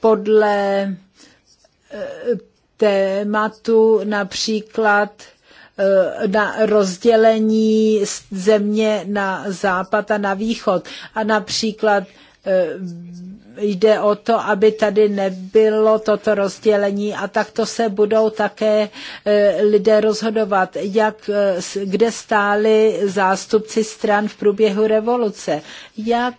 podle eh, tématu například eh, na rozdělení země na západ a na východ. A například Eh, jde o to, aby tady nebylo toto rozdělení a takto se budou také eh, lidé rozhodovat, jak, eh, kde stáli zástupci stran v průběhu revoluce, jak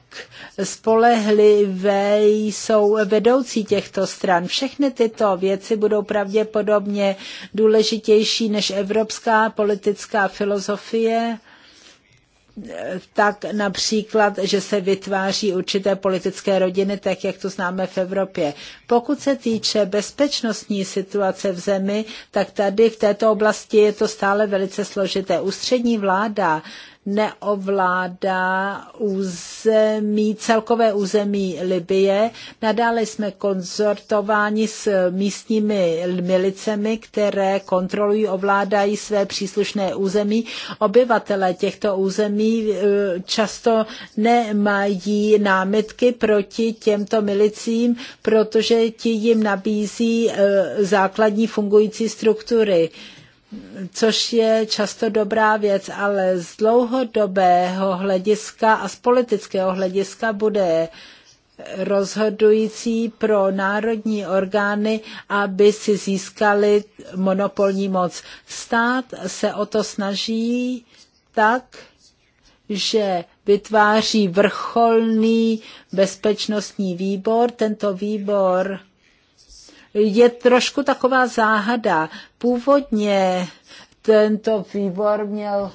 spolehlivé jsou vedoucí těchto stran. Všechny tyto věci budou pravděpodobně důležitější než evropská politická filozofie tak například, že se vytváří určité politické rodiny, tak jak to známe v Evropě. Pokud se týče bezpečnostní situace v zemi, tak tady v této oblasti je to stále velice složité. Ústřední vláda neovládá území, celkové území Libie. Nadále jsme konzortováni s místními milicemi, které kontrolují, ovládají své příslušné území. Obyvatelé těchto území eh, často nemají námitky proti těmto milicím, protože ti jim nabízí eh, základní fungující struktury což je často dobrá věc, ale z dlouhodobého hlediska a z politického hlediska bude rozhodující pro národní orgány, aby si získali monopolní moc. Stát se o to snaží tak, že vytváří vrcholný bezpečnostní výbor. Tento výbor je trošku taková záhada. Původně tento výbor měl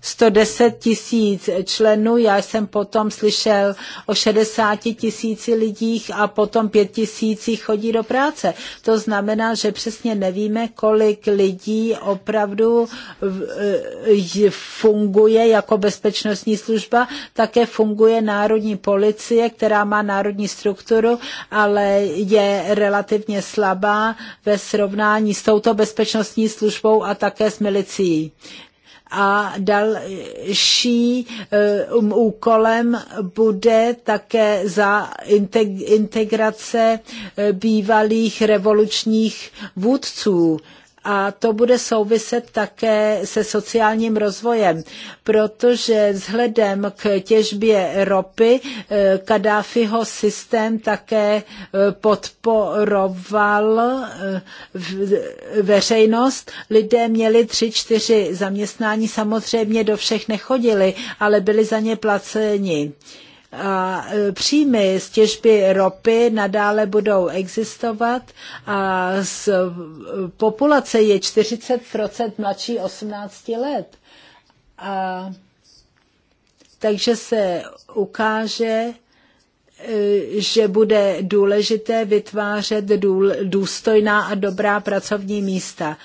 110 tisíc členů, já jsem potom slyšel o 60 tisíci lidích a potom 5 tisících chodí do práce. To znamená, že přesně nevíme, kolik lidí opravdu e, funguje jako bezpečnostní služba, také funguje národní policie, která má národní strukturu, ale je relativně slabá ve srovnání s touto bezpečnostní službou a také s milicí a další eh, um, úkolem bude také za integrace eh, bývalých revolučních vůdců a to bude souviset také se sociálním rozvojem, protože vzhledem k těžbě ropy eh, Kadáfiho systém také eh, podporoval eh, veřejnost. Lidé měli tři, čtyři zaměstnání, samozřejmě do všech nechodili, ale byli za ně placeni a e, příjmy z těžby ropy nadále budou existovat a z e, populace je 40% mladší 18 let. A takže se ukáže, e, že bude důležité vytvářet důstojná a dobrá pracovní místa.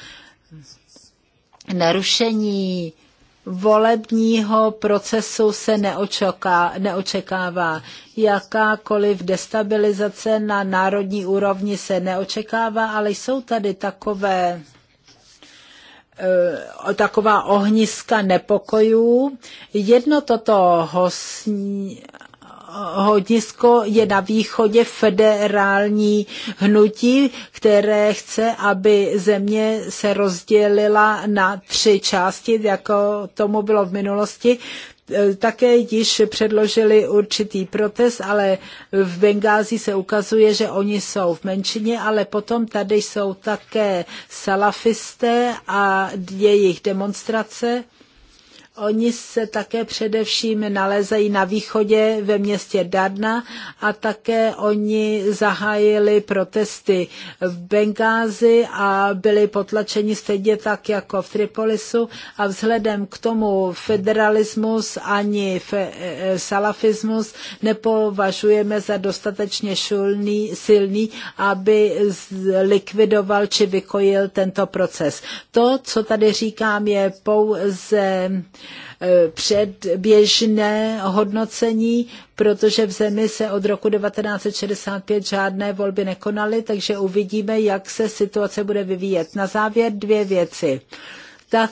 Narušení volebního procesu se neočeká, neočekává. Jakákoliv destabilizace na národní úrovni se neočekává, ale jsou tady takové eh, taková ohniska nepokojů. Jedno toto hosní, Hodisko je na východě federální hnutí, které chce, aby země se rozdělila na tři části, jako tomu bylo v minulosti. Také již předložili určitý protest, ale v Bengázi se ukazuje, že oni jsou v menšině, ale potom tady jsou také salafisté a jejich demonstrace Oni se také především nalezejí na východě ve městě Darna a také oni zahájili protesty v Bengázi a byli potlačeni stejně tak jako v Tripolisu a vzhledem k tomu federalismus ani fe, e, e, salafismus nepovažujeme za dostatečně šulný, silný, aby likvidoval či vykojil tento proces. To, co tady říkám, je pouze Eh, předběžné hodnocení, protože v zemi se od roku 1965 žádné volby nekonaly, takže uvidíme, jak se situace bude vyvíjet. Na závěr dvě věci. Ta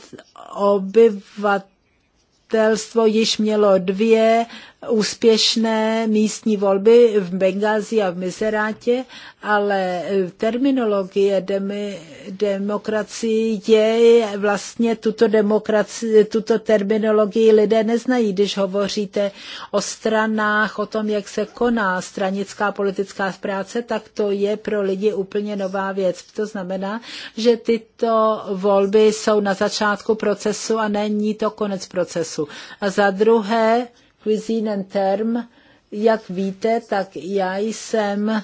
Obyvatelstvo již mělo dvě úspěšné místní volby v Bengázi a v Mizerátě, ale terminologie demi, demokracii je vlastně tuto, demokraci- tuto terminologii lidé neznají, když hovoříte o stranách, o tom, jak se koná stranická politická práce, tak to je pro lidi úplně nová věc. To znamená, že tyto volby jsou na začátku procesu a není to konec procesu. A za druhé, Cuisine and Term, jak víte, tak já jsem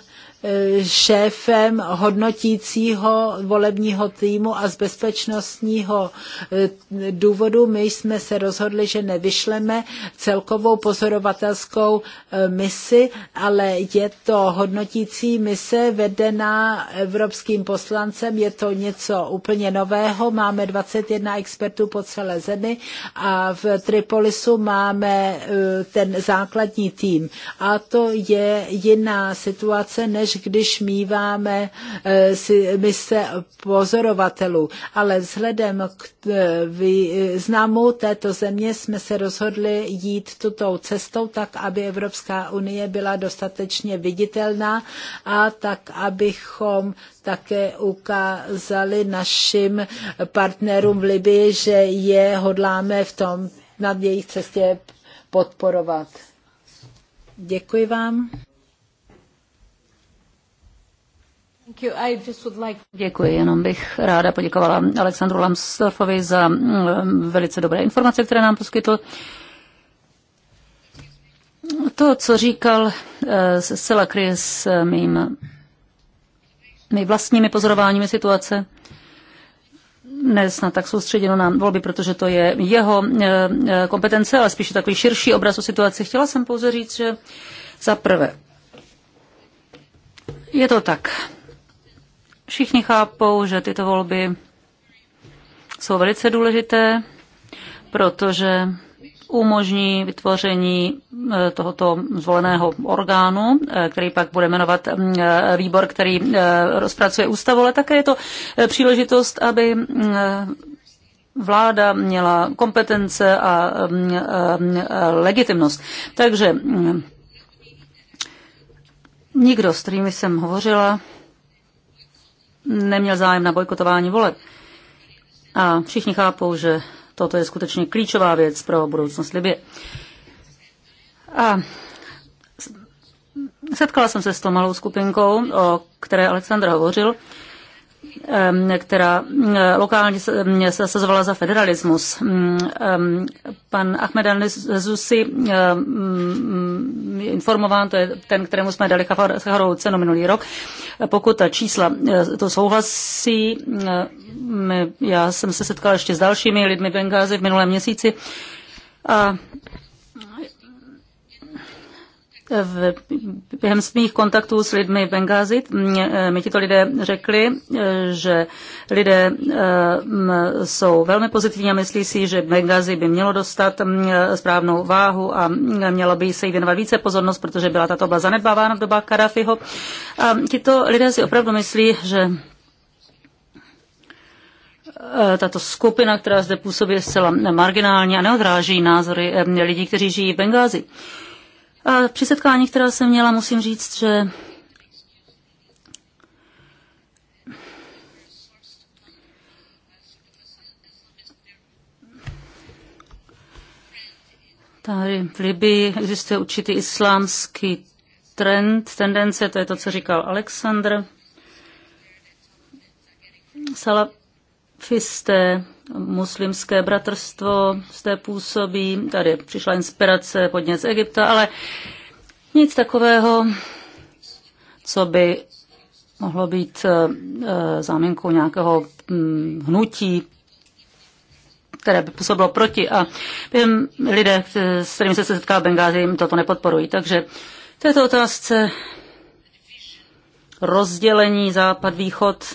šéfem hodnotícího volebního týmu a z bezpečnostního e, důvodu my jsme se rozhodli, že nevyšleme celkovou pozorovatelskou e, misi, ale je to hodnotící mise vedená evropským poslancem, je to něco úplně nového, máme 21 expertů po celé zemi a v Tripolisu máme e, ten základní tým. A to je jiná situace, než když míváme eh, si mise pozorovatelů. Ale vzhledem k eh, známu této země jsme se rozhodli jít tuto cestou tak, aby Evropská unie byla dostatečně viditelná a tak, abychom také ukázali našim partnerům v Libii, že je hodláme v tom na jejich cestě podporovat. Děkuji vám. Děkuji, jenom bych ráda poděkovala Alexandru Lamsdorfovi za mm, velice dobré informace, které nám poskytl. To, co říkal se eh, zcela kryje s eh, mým, mým vlastními pozorováními situace, nesnad tak soustředěno na volby, protože to je jeho eh, kompetence, ale spíše takový širší obraz o situaci. Chtěla jsem pouze říct, že za prvé, je to tak. Všichni chápou, že tyto volby jsou velice důležité, protože umožní vytvoření eh, tohoto zvoleného orgánu, eh, který pak bude jmenovat mm, eh, výbor, který rozpracuje ústavu, ale také je to příležitost, aby mm, vláda měla kompetence a mm, legitimnost. Takže nikdo, s kterými jsem hovořila, neměl zájem na bojkotování voleb. A všichni chápou, že toto je skutečně klíčová věc pro budoucnost Libie. A setkala jsem se s tou malou skupinkou, o které Aleksandr hovořil, která lokálně se zasazovala za federalismus. Pan Ahmed Zusi informován, to je ten, kterému jsme dali Sacharovou cenu minulý rok. Pokud ta čísla e, to souhlasí, e, já jsem se setkala ještě s dalšími lidmi v v minulém měsíci a v, během svých kontaktů s lidmi v Bengázi e, mi tito lidé řekli, e, že lidé e, jsou velmi pozitivní a myslí si, že Bengázi by mělo dostat správnou váhu a mělo by se jí věnovat více pozornost, protože byla tato oblast zanedbávána v dobách Karafiho. A tito lidé si opravdu myslí, že tato skupina, která zde působí, je zcela marginální a neodráží názory lidí, kteří žijí v Bengázi. Uh, a při setkání, která jsem měla, musím říct, že Tady v Libii existuje určitý islámský trend, tendence, to je to, co říkal Alexandr. Salab Fiste, muslimské bratrstvo zde působí, tady přišla inspirace podnět z Egypta, ale nic takového, co by mohlo být eh, eh, záminkou nějakého hm, hnutí, které by působilo proti a vím, lidé, s kterými se setká Bengázi, jim toto nepodporují. Takže této otázce rozdělení západ-východ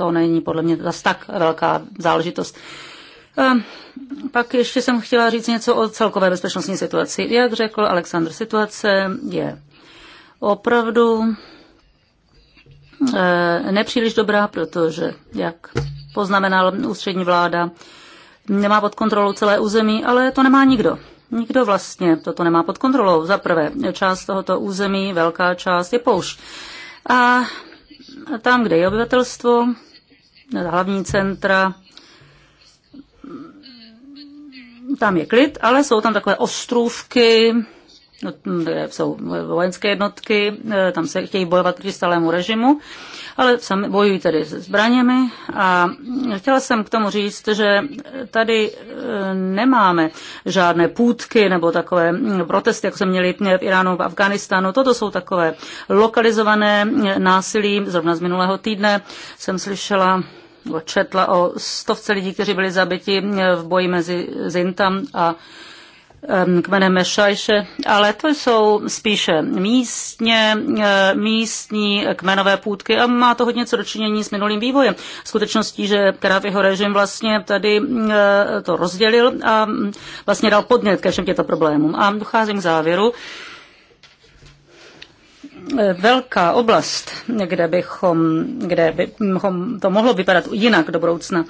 to není podle mě zase tak velká záležitost. Pak ještě jsem chtěla říct něco o celkové bezpečnostní situaci. Jak řekl Aleksandr, situace je opravdu eh, nepříliš dobrá, protože, jak poznamenal ústřední vláda, nemá pod kontrolou celé území, ale to nemá nikdo. Nikdo vlastně toto nemá pod kontrolou. Za prvé, část tohoto území, velká část je poušť. A tam, kde je obyvatelstvo, hlavní centra. Tam je klid, ale jsou tam takové ostrůvky, no, jsou vojenské jednotky, eh, tam se chtějí bojovat proti stálému režimu, ale sami bojují tedy se zbraněmi a chtěla jsem k tomu říct, že tady eh, nemáme žádné půdky nebo takové hm, protesty, jako jsme měli eh, v Iránu, v Afganistánu. Toto jsou takové lokalizované násilí. Zrovna z minulého týdne jsem slyšela četla o stovce lidí, kteří byli zabiti v boji mezi Zintam a kmenem Mešajše, ale to jsou spíše místně, e, místní kmenové půdky a má to hodně co dočinění s minulým vývojem. Skutečností, že Karáfiho režim vlastně tady e, to rozdělil a vlastně dal podnět ke všem těmto problémům. A docházím k závěru, velká oblast, kde, bychom, kde bychom to mohlo vypadat jinak do budoucna.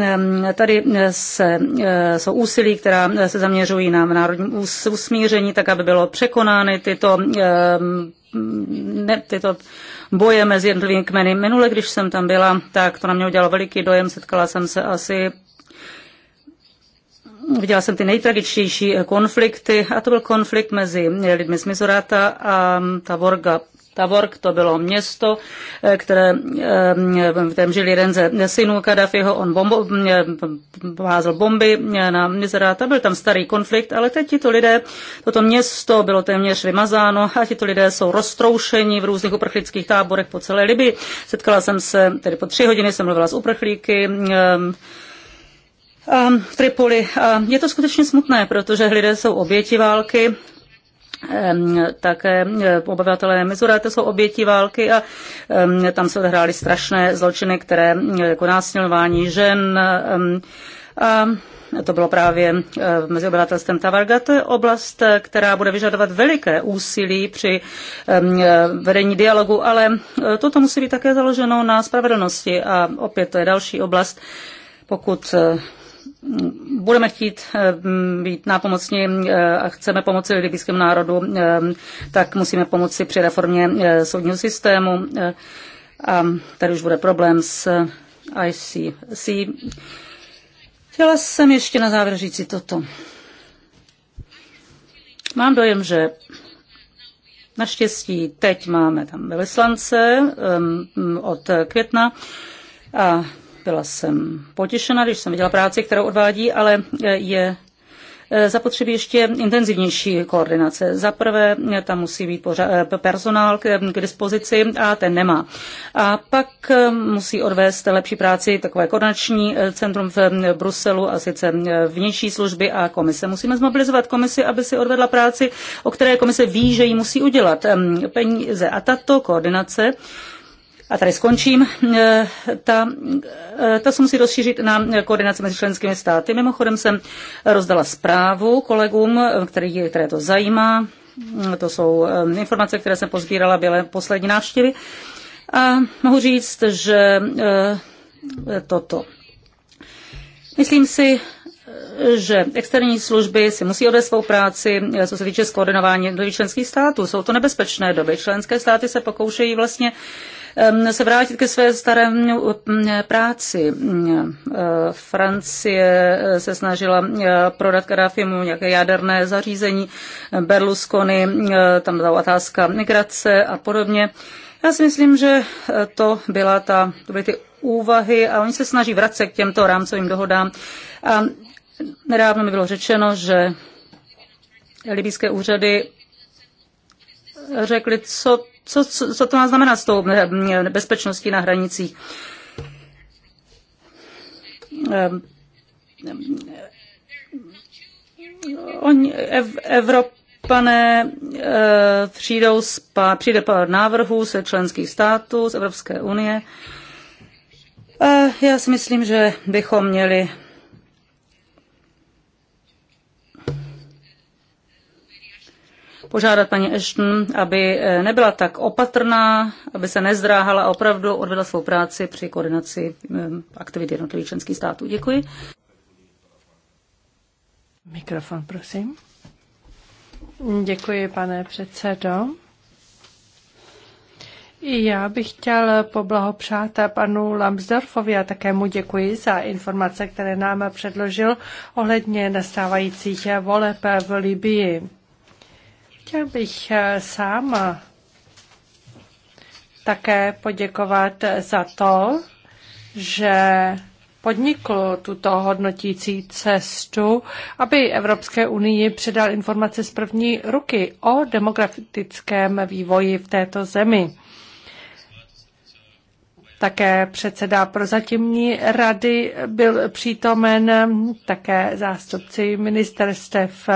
Ehm, tady se, eh, jsou úsilí, která se zaměřují na národní usmíření, tak aby bylo překonány tyto, ehm, ne, tyto boje mezi jednotlivými kmeny. Minule, když jsem tam byla, tak to na mě udělalo veliký dojem. Setkala jsem se asi Viděla jsem ty nejtragičtější eh, konflikty a to byl konflikt mezi eh, lidmi z Mizorata a mm, Tavorga. Tavorg to bylo město, eh, které, mm, v kterém žil jeden ze synů Kadafiho, on bombo, mm, házel bomby na Mizerát byl tam starý konflikt, ale teď tito lidé, toto město bylo téměř vymazáno a tito lidé jsou roztroušeni v různých uprchlických táborech po celé Libii. Setkala jsem se, tedy po tři hodiny jsem mluvila s uprchlíky, Um, v Tripoli. Um, je to skutečně smutné, protože lidé jsou oběti války, um, také eh, obyvatelé Mizura, to jsou oběti války a tam se odehrály strašné zločiny, které jako eh, násilování žen a to bylo právě eh, mezi obyvatelstvem Tavarga. To je oblast, která bude vyžadovat veliké úsilí při vedení dialogu, ale toto musí být také založeno na spravedlnosti a opět to je další oblast, pokud budeme chtít eh, být nápomocní eh, a chceme pomoci libyskému národu, eh, tak musíme pomoci při reformě soudního systému. A tady už bude problém s ICC. Chtěla jsem ještě na závěr říct si toto. Mám dojem, že naštěstí teď máme tam velislance um, od května a byla jsem potěšena, když jsem viděla práci, kterou odvádí, ale e, je e, zapotřebí ještě intenzivnější koordinace. Za prvé, e, tam musí být personál k dispozici a ten nemá. A pak musí odvést lepší práci takové koordinační centrum v Bruselu a sice vnější služby a komise. Musíme zmobilizovat komisi, aby si odvedla práci, o které komise ví, že ji musí udělat peníze. A tato koordinace a tady skončím, eh, ta, eh, ta se musí rozšířit na koordinaci mezi členskými státy. Mimochodem jsem rozdala zprávu kolegům, který, které to zajímá. To jsou eh, informace, které jsem pozbírala během poslední návštěvy. A mohu říct, že toto. Myslím si, že externí služby si musí odvést svou práci, co se týče skoordinování jednotlivých členských států. Jsou to nebezpečné doby. Členské státy se pokoušejí vlastně uh, se vrátit ke své staré práci. E, Francie e, se snažila e, prodat Kadáfimu nějaké jaderné zařízení, Berlusconi, tam byla otázka migrace a podobně. Já si myslím, že to, byla ta, to byly ty úvahy a oni se snaží vracet k těmto rámcovým dohodám. A nedávno mi bylo řečeno, že libijské úřady řekli, co co, co, co to má znamenat s tou eh, bezpečností na hranicích? Eh, eh, oni, Ev, Evropané přijdou z, přijde pár návrhů se členských států, z Evropské unie. Já si myslím, že bychom měli požádat paní Ashton, aby eh, nebyla tak opatrná, aby se nezdráhala a opravdu odvedla svou práci při koordinaci eh, aktivit jednotlivých členských států. Děkuji. Mikrofon, prosím. Děkuji, pane předsedo. Já bych chtěl poblahopřát panu Lambsdorfovi a také mu děkuji za informace, které nám předložil ohledně nastávajících voleb v Libii. Chtěl bych eh, sám eh, také poděkovat za to, že podnikl tuto hodnotící cestu, aby Evropské unii předal informace z první ruky o demografickém vývoji v této zemi. Také předseda prozatímní rady byl přítomen, také zástupci ministerstev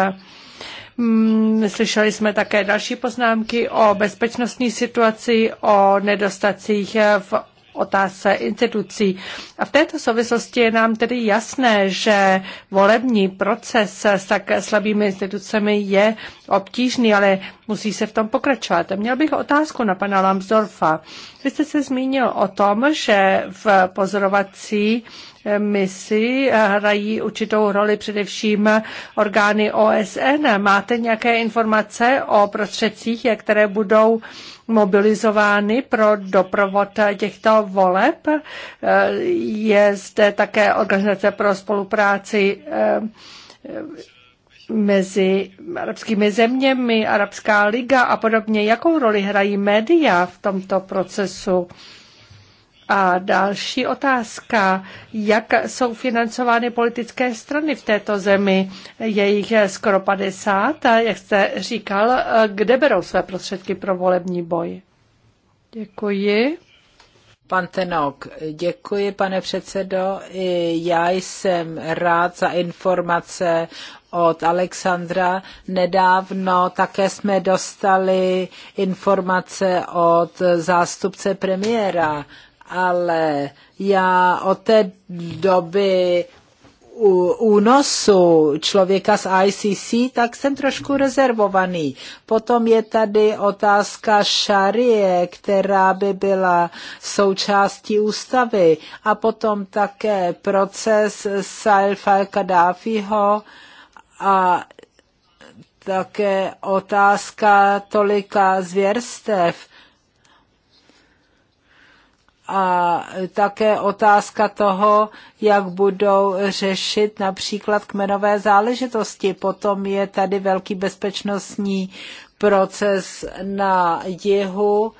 Mm, slyšeli jsme také další poznámky o bezpečnostní situaci, o nedostacích eh, v otázce institucí. A v této souvislosti je nám tedy jasné, že volební proces s tak slabými institucemi je obtížný, ale musí se v tom pokračovat. Měl bych otázku na pana Lambsdorfa. Vy jste se zmínil o tom, že v pozorovací misi hrají určitou roli především orgány OSN. Máte nějaké informace o prostředcích, které budou mobilizovány pro doprovod těchto voleb? Je zde také organizace pro spolupráci eh, mezi arabskými zeměmi, Arabská liga a podobně. Jakou roli hrají média v tomto procesu? A další otázka, jak jsou financovány politické strany v této zemi? Je jich skoro 50, a jak jste říkal, kde berou své prostředky pro volební boj? Děkuji. Pan Tenok, děkuji, pane předsedo. Já jsem rád za informace od Alexandra. Nedávno také jsme dostali informace od zástupce premiéra ale já od té doby únosu člověka z ICC, tak jsem trošku rezervovaný. Potom je tady otázka šarie, která by byla součástí ústavy a potom také proces Salfa kadáfiho a také otázka tolika zvěrstev a také otázka toho, jak budou řešit například kmenové záležitosti. Potom je tady velký bezpečnostní proces na jihu,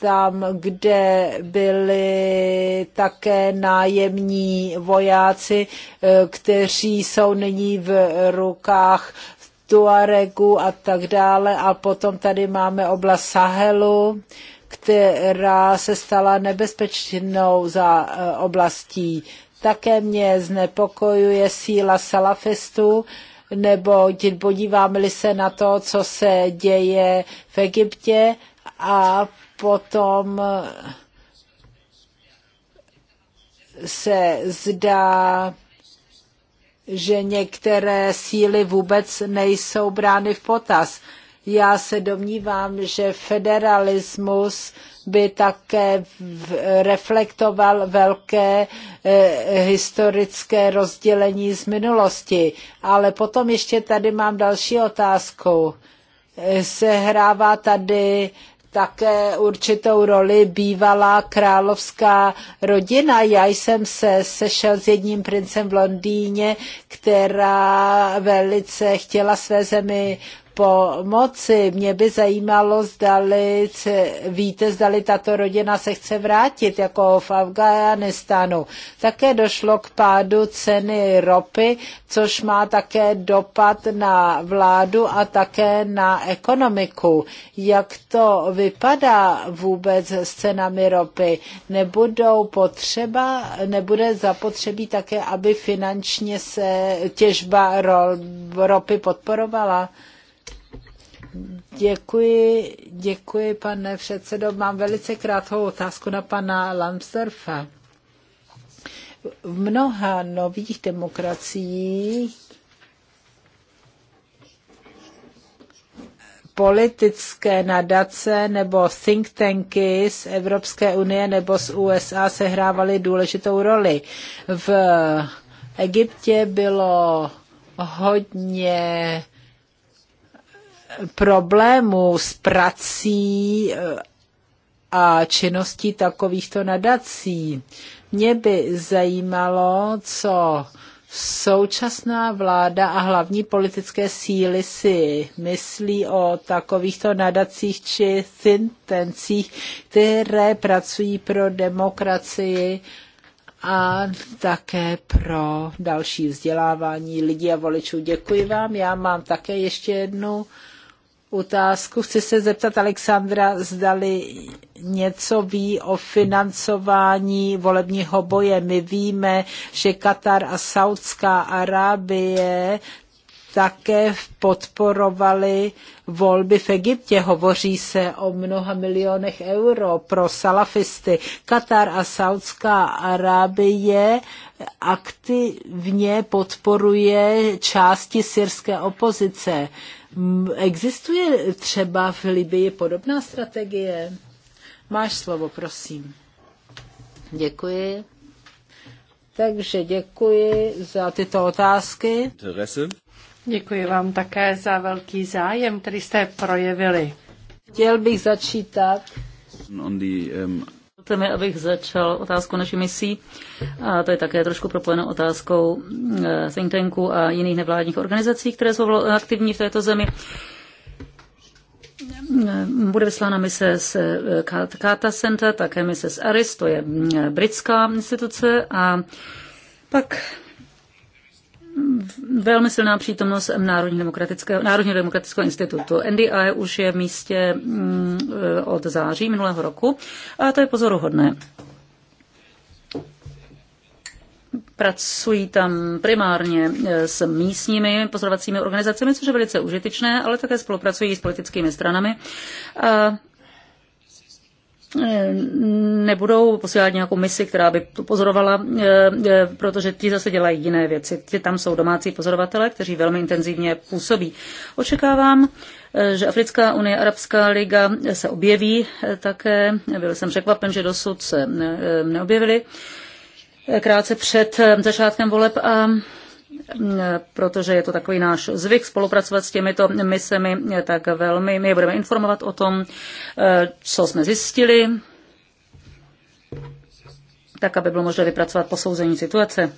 tam, kde byli také nájemní vojáci, eh, kteří jsou nyní v rukách Tuaregu a tak dále. A potom tady máme oblast Sahelu, která se stala nebezpečnou za eh, oblastí. Také mě znepokojuje síla salafistů, nebo podíváme-li se na to, co se děje v Egyptě a potom eh, se zdá, že některé síly vůbec nejsou brány v potaz. Já se domnívám, že federalismus by také reflektoval velké eh, historické rozdělení z minulosti. Ale potom ještě tady mám další otázku. Eh, sehrává tady také určitou roli bývalá královská rodina. Já jsem se sešel s jedním princem v Londýně, která velice chtěla své zemi pomoci. Mě by zajímalo, zdali, víte, zdali tato rodina se chce vrátit, jako v Afganistánu. Také došlo k pádu ceny ropy, což má také dopad na vládu a také na ekonomiku. Jak to vypadá vůbec s cenami ropy? Nebudou potřeba, nebude zapotřebí také, aby finančně se těžba ropy podporovala? Děkuji, děkuji, pane předsedo. Mám velice krátkou otázku na pana Lamsterfa. V mnoha nových demokraciích politické nadace nebo think tanky z Evropské unie nebo z USA sehrávaly důležitou roli. V Egyptě bylo hodně Problému s prací eh, a činností takovýchto nadací. Mě by zajímalo, co současná vláda a hlavní politické síly si myslí o takovýchto nadacích či syntencích, které pracují pro demokracii a také pro další vzdělávání lidí a voličů. Děkuji vám. Já mám také ještě jednu otázku. Chci se zeptat Alexandra, zdali něco ví o financování volebního boje. My víme, že Katar a Saudská Arábie také podporovali volby v Egyptě. Hovoří se o mnoha milionech euro pro salafisty. Katar a Saudská Arábie aktivně podporuje části syrské opozice. Existuje třeba v Libii podobná strategie? Máš slovo, prosím. Děkuji. Takže děkuji za tyto otázky. Interesse. Děkuji vám také za velký zájem, který jste projevili. Chtěl bych začít tak. On um, mi, abych začal otázkou naší misí. A to je také trošku propojeno otázkou eh, think tanku a jiných nevládních organizací, které jsou aktivní v této zemi. Eh, bude vyslána mise z eh, Kata Center, také mise z ARIS, to je mm, britská instituce a pak velmi silná přítomnost Národní demokratického, Národního demokratického institutu. NDI už je v místě mm, od září minulého roku a to je pozoruhodné. Pracují tam primárně e, s místními pozorovacími organizacemi, což je velice užitečné, ale také spolupracují s politickými stranami. A Eh, nebudou posílat nějakou misi, která by to pozorovala, eh, eh, protože ti zase dělají jiné věci. Ti tam jsou domácí pozorovatele, kteří velmi intenzivně působí. Očekávám, že Africká unie, Arabská liga se objeví také. Byl jsem překvapen, že dosud se neobjevili krátce před začátkem voleb a protože je to takový náš zvyk spolupracovat s těmito misemi, tak velmi my je budeme informovat o tom, eh, co jsme zjistili, tak aby bylo možné vypracovat posouzení situace,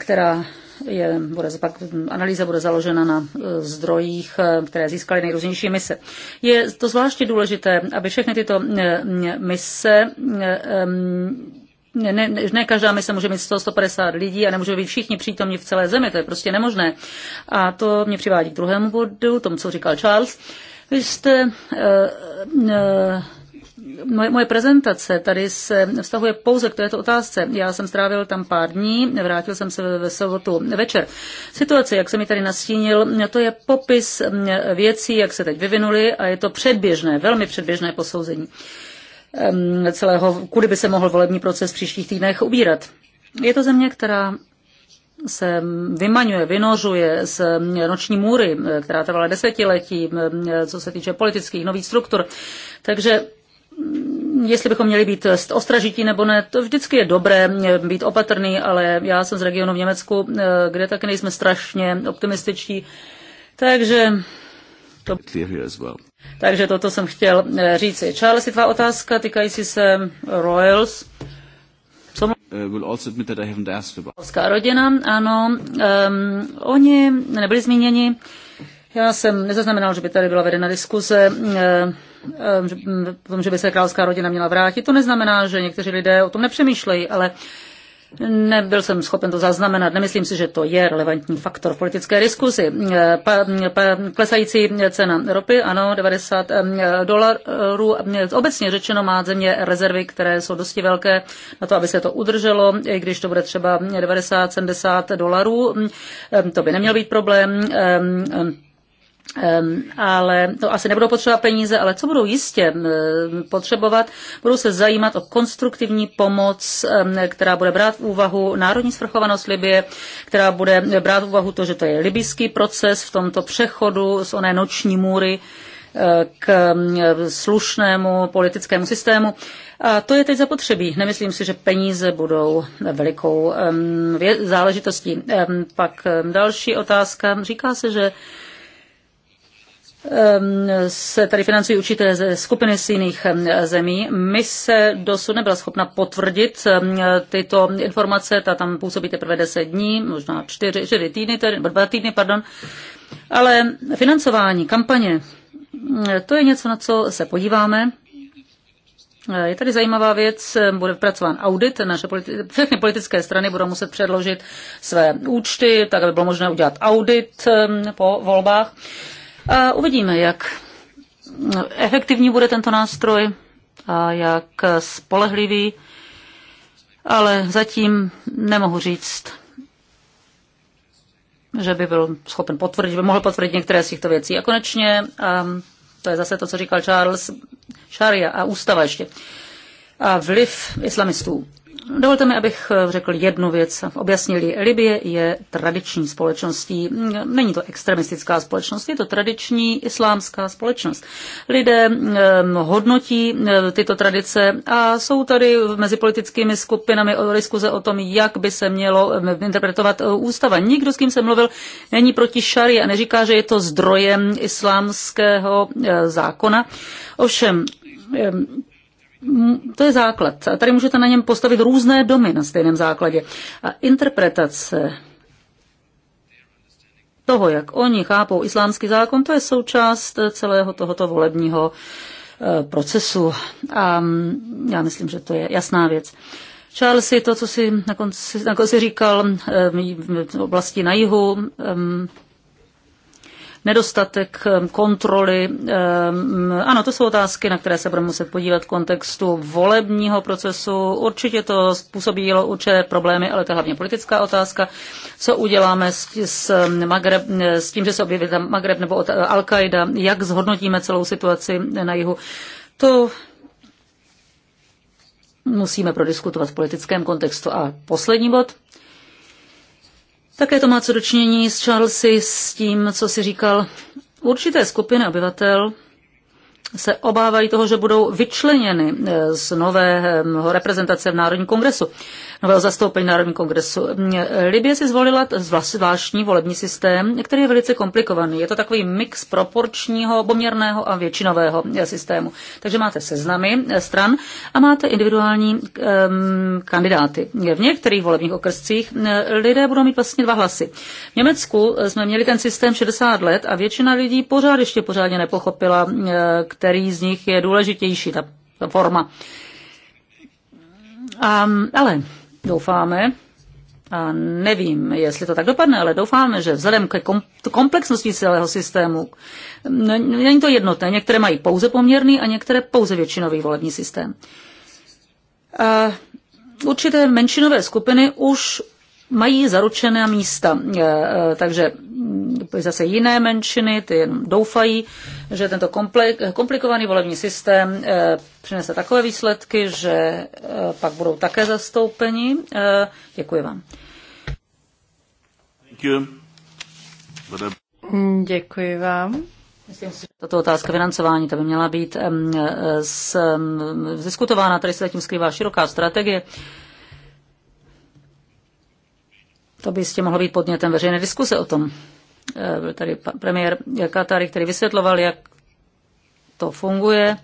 která je, bude, pak analýza bude založena na eh, zdrojích, eh, které získaly nejrůznější mise. Je to zvláště důležité, aby všechny tyto mise ne, ne každá mise může mít 100, 150 lidí a nemůže být všichni přítomní v celé zemi, to je prostě nemožné. A to mě přivádí k druhému bodu, tomu, co říkal Charles. Vy jste uh, uh, Moje, moje prezentace tady se vztahuje pouze k této otázce. Já jsem strávil tam pár dní, vrátil jsem se ve sobotu večer. Situace, jak jsem mi tady nastínil, to je popis mm, věcí, jak se teď vyvinuly a je to předběžné, velmi předběžné posouzení. Uh, celého, kudy by se mohl volební proces v příštích týdnech ubírat. Je to země, která se vymaňuje, vynořuje z noční můry, která trvala desetiletí, co se týče politických nových struktur. Takže mm, jestli bychom měli být ostražití nebo ne, to vždycky je dobré být opatrný, ale já jsem z regionu v Německu, kde taky nejsme strašně optimističtí. Takže to... Takže toto jsem chtěl eh, říct. Charles, je tvá otázka týkající se eh, Royals. Polská eh, rodina, ano, um, oni nebyli zmíněni. Já jsem nezaznamenal, že by tady byla vedena diskuse o tom, že by se královská rodina měla vrátit. To neznamená, že někteří lidé o tom nepřemýšlejí, ale Nebyl jsem schopen to zaznamenat. Nemyslím si, že to je relevantní faktor v politické diskusi. Pa, pa, klesající cena ropy, ano, 90 eh, dolarů. Obecně řečeno má země rezervy, které jsou dosti velké na to, aby se to udrželo, i když to bude třeba 90-70 dolarů. Eh, to by neměl být problém eh, Ehm, ale to asi nebudou potřebovat peníze, ale co budou jistě potřebovat, budou se zajímat o konstruktivní pomoc, ehm, která bude brát v úvahu národní svrchovanost Libie, která bude brát v úvahu to, že to je libijský proces v tomto přechodu z oné noční můry eh, k slušnému politickému systému. A to je teď zapotřebí. Nemyslím si, že peníze budou velikou ehm, záležitostí. Pak další otázka. Říká se, že Ehm, se tady financují určité skupiny z jiných ehm, zemí. My se dosud nebyla schopna potvrdit ehm, tyto informace, ta tam působí teprve 10 dní, možná 4, 4 týdny, tedy, nebo 2 týdny, pardon. Ale financování, kampaně, to je něco, na co se podíváme. Je tady zajímavá věc, bude vypracován audit, naše politi- všechny politické strany budou muset předložit své účty, tak aby bylo možné udělat audit po volbách uvidíme, jak efektivní bude tento nástroj a jak spolehlivý, ale zatím nemohu říct, že by byl schopen potvrdit, že by mohl potvrdit některé z těchto věcí. A konečně, a to je zase to, co říkal Charles, šaria a ústava ještě, a vliv islamistů. Dovolte mi, abych eh, řekl jednu věc. Objasnili, Libie je tradiční společností. Není to extremistická společnost, je to tradiční islámská společnost. Lidé eh, hodnotí eh, tyto tradice a jsou tady mezi politickými skupinami diskuze o tom, jak by se mělo interpretovat ústava. Nikdo, s kým jsem mluvil, není proti šarii a neříká, že je to zdrojem islámského zákona. Ovšem, to je základ. A tady můžete na něm postavit různé domy na stejném základě. A interpretace toho, jak oni chápou islámský zákon, to je součást celého tohoto volebního e, procesu. A já myslím, že to je jasná věc. Charles, to, co si na konci, na konci říkal e, v oblasti na jihu, nedostatek eh, kontroly. Eh, ano, to jsou otázky, na které se budeme muset podívat v kontextu volebního procesu. Určitě to způsobilo určité problémy, ale to je hlavně politická otázka. Co uděláme s, s, Magreb, eh, s tím, že se objeví tam Magreb nebo Al-Qaida, jak zhodnotíme celou situaci na jihu. To musíme prodiskutovat v politickém kontextu. A poslední bod. Také to má co dočinění s Charlesy, s tím, co si říkal. Určité skupiny obyvatel se obávají toho, že budou vyčleněny eh, z nového eh, reprezentace v Národním kongresu nového zastoupení Národního kongresu. Libie si zvolila zvláštní volební systém, který je velice komplikovaný. Je to takový mix proporčního, poměrného a většinového eh, systému. Takže máte seznamy eh, stran a máte individuální um, kandidáty. V některých volebních okrscích eh, lidé budou mít vlastně dva hlasy. V Německu jsme měli ten systém 60 let a většina lidí pořád ještě pořádně nepochopila, který z nich je důležitější, ta forma. Um, ale Doufáme, a nevím, jestli to tak dopadne, ale doufáme, že vzhledem ke komplexnosti celého systému, není to jednotné, některé mají pouze poměrný a některé pouze většinový volební systém. A určité menšinové skupiny už mají zaručené místa, e, e, takže zase jiné menšiny, ty jenom doufají, že tento komplikovaný volební systém eh, přinese takové výsledky, že eh, pak budou také zastoupeni. Eh, děkuji vám. Mm, děkuji vám. Myslím si, že tato otázka financování ta by měla být z, diskutována. Tady se zatím skrývá široká strategie. To by jistě mohlo být podnětem veřejné diskuse o tom. Eh, byl tady premiér Katary, který vysvětloval, jak to funguje,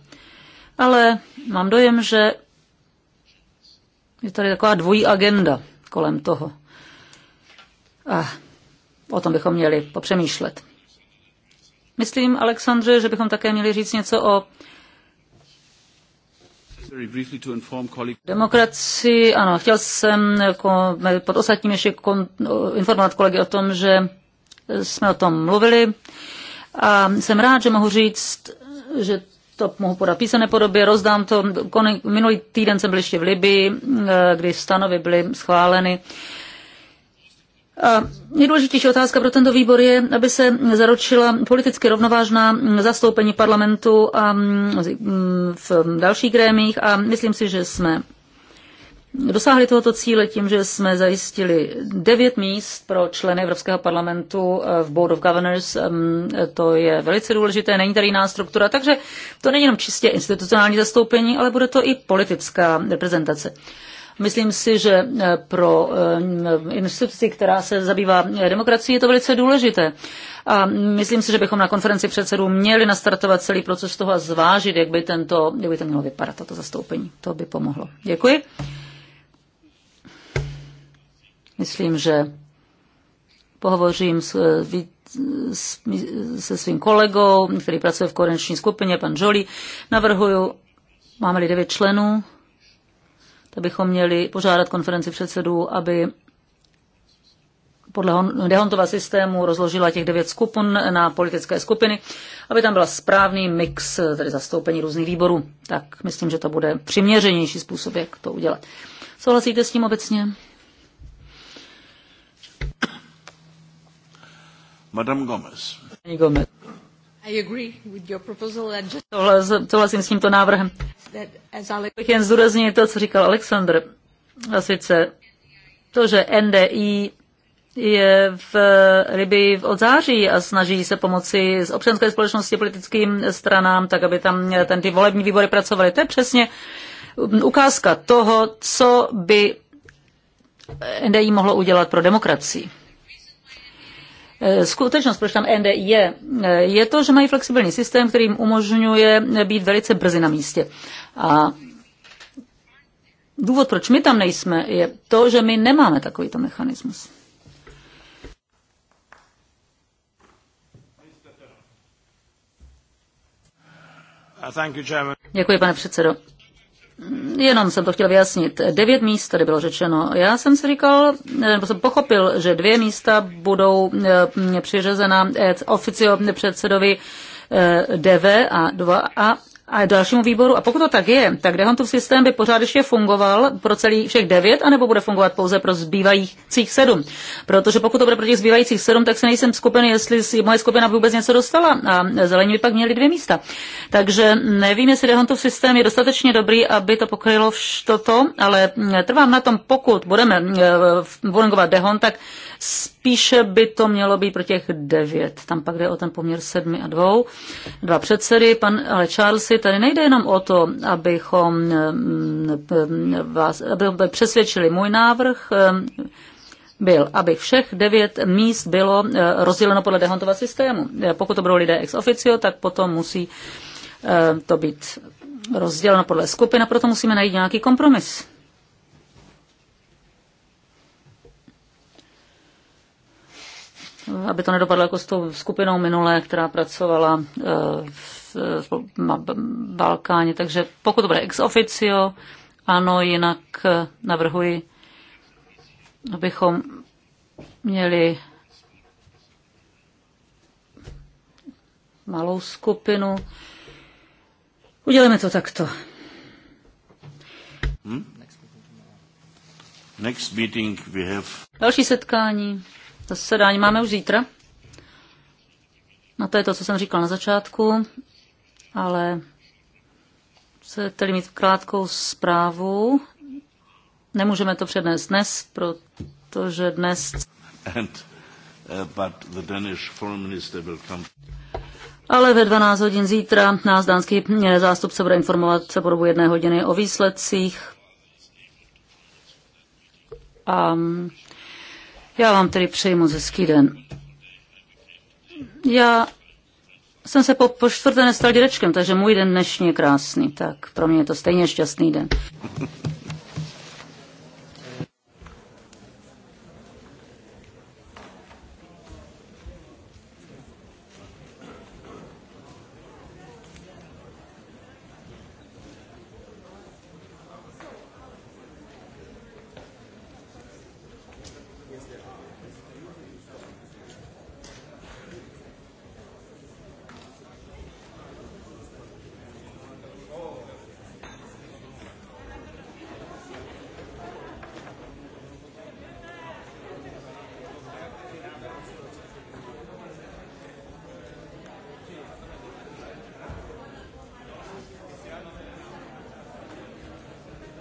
ale mám dojem, že je tady taková dvojí agenda kolem toho. A o tom bychom měli popřemýšlet. Myslím, Alexandře, že bychom také měli říct něco o demokracii. Ano, chtěl jsem pod ostatním ještě informovat kolegy o tom, že jsme o tom mluvili a jsem rád, že mohu říct, že to mohu podat písané podobě, rozdám to. Minulý týden jsem byl ještě v Libii, eh, kdy stanovy byly schváleny. Nejdůležitější otázka pro tento výbor je, aby se zaručila politicky rovnovážná zastoupení parlamentu a mm, v dalších grémích a myslím si, že jsme dosáhli tohoto cíle tím, že jsme zajistili devět míst pro členy Evropského parlamentu eh, v Board of Governors. To je velice důležité, není tady jiná struktura, takže to není jenom čistě institucionální zastoupení, ale bude to i politická reprezentace. Myslím si, že eh, pro eh, instituci, která se zabývá demokracií, je to velice důležité. A myslím si, že bychom na konferenci předsedů měli nastartovat celý proces toho a zvážit, jak by, tento, jak by to mělo vypadat, toto zastoupení. To by pomohlo. Děkuji. Myslím, že pohovořím s, eh, s, se svým kolegou, který pracuje v koordinační skupině, pan Joli, Navrhuju, máme-li devět členů, tak bychom měli požádat konferenci předsedů, aby podle Dehontova systému rozložila těch devět skupin na politické skupiny, aby tam byla správný mix, eh, tedy zastoupení různých výborů. Tak myslím, že to bude přiměřenější způsob, jak to udělat. Souhlasíte s tím obecně? Madame Gomez. Pani Gomez. I agree with your proposal and just... Tohle, souhlasím s tímto návrhem. Bych jen zdůraznil to, co říkal Aleksandr. A sice to, že NDI je v Libii od září a snaží se pomoci z občanské společnosti politickým stranám, tak aby tam ten, ty volební výbory pracovaly. To je přesně ukázka toho, co by NDI mohlo udělat pro demokracii. Eh, skutečnost, proč tam ND je, eh, je to, že mají flexibilní systém, který jim umožňuje být velice brzy na místě. A důvod, proč my tam nejsme, je to, že my nemáme takovýto mechanismus. Uh, Děkuji, pane předsedo jenom jsem to chtěl vyjasnit. Devět míst tady bylo řečeno. Já jsem si říkal, nebo jsem pochopil, že dvě místa budou eh, přiřazena eh, oficio předsedovi eh, DV a 2 a a dalšímu výboru. A pokud to tak je, tak Dehontův systém by pořád ještě fungoval pro celý všech devět, anebo bude fungovat pouze pro zbývajících sedm. Protože pokud to bude pro těch zbývajících sedm, tak se nejsem skupen, jestli si moje skupina vůbec něco dostala a zelení by pak měli dvě místa. Takže nevím, jestli Dehontův systém je dostatečně dobrý, aby to pokrylo toto, ale trvám na tom, pokud budeme eh, fungovat Dehon, tak Spíše by to mělo být pro těch devět. Tam pak jde o ten poměr sedmi a dvou. Dva předsedy, pan, ale Charlesy, tady nejde jenom o to, abychom mm, vás aby přesvědčili můj návrh, mm, byl, aby všech devět míst bylo mm, rozděleno podle Dehontova systému. Pokud to budou lidé ex officio, tak potom musí to být rozděleno podle skupin a proto musíme najít nějaký kompromis. aby to nedopadlo jako s tou skupinou minulé, která pracovala eh, v Balkáně. Takže pokud to bude ex officio, ano, jinak eh, navrhuji, abychom měli malou skupinu. Uděláme to takto. Hmm? Next meeting we have... Další setkání. Zasedání máme už zítra. No to je to, co jsem říkal na začátku, ale chcete-li mít krátkou zprávu, nemůžeme to přednést dnes, protože dnes... And, uh, but the Danish foreign minister will come. Ale ve 12 hodin zítra nás dánský eh, zástupce bude informovat po dobu jedné hodiny o výsledcích. A já vám tedy přeji moc hezký den. Já jsem se po, po čtvrté nestal dědečkem, takže můj den dnešní je krásný. Tak pro mě je to stejně šťastný den.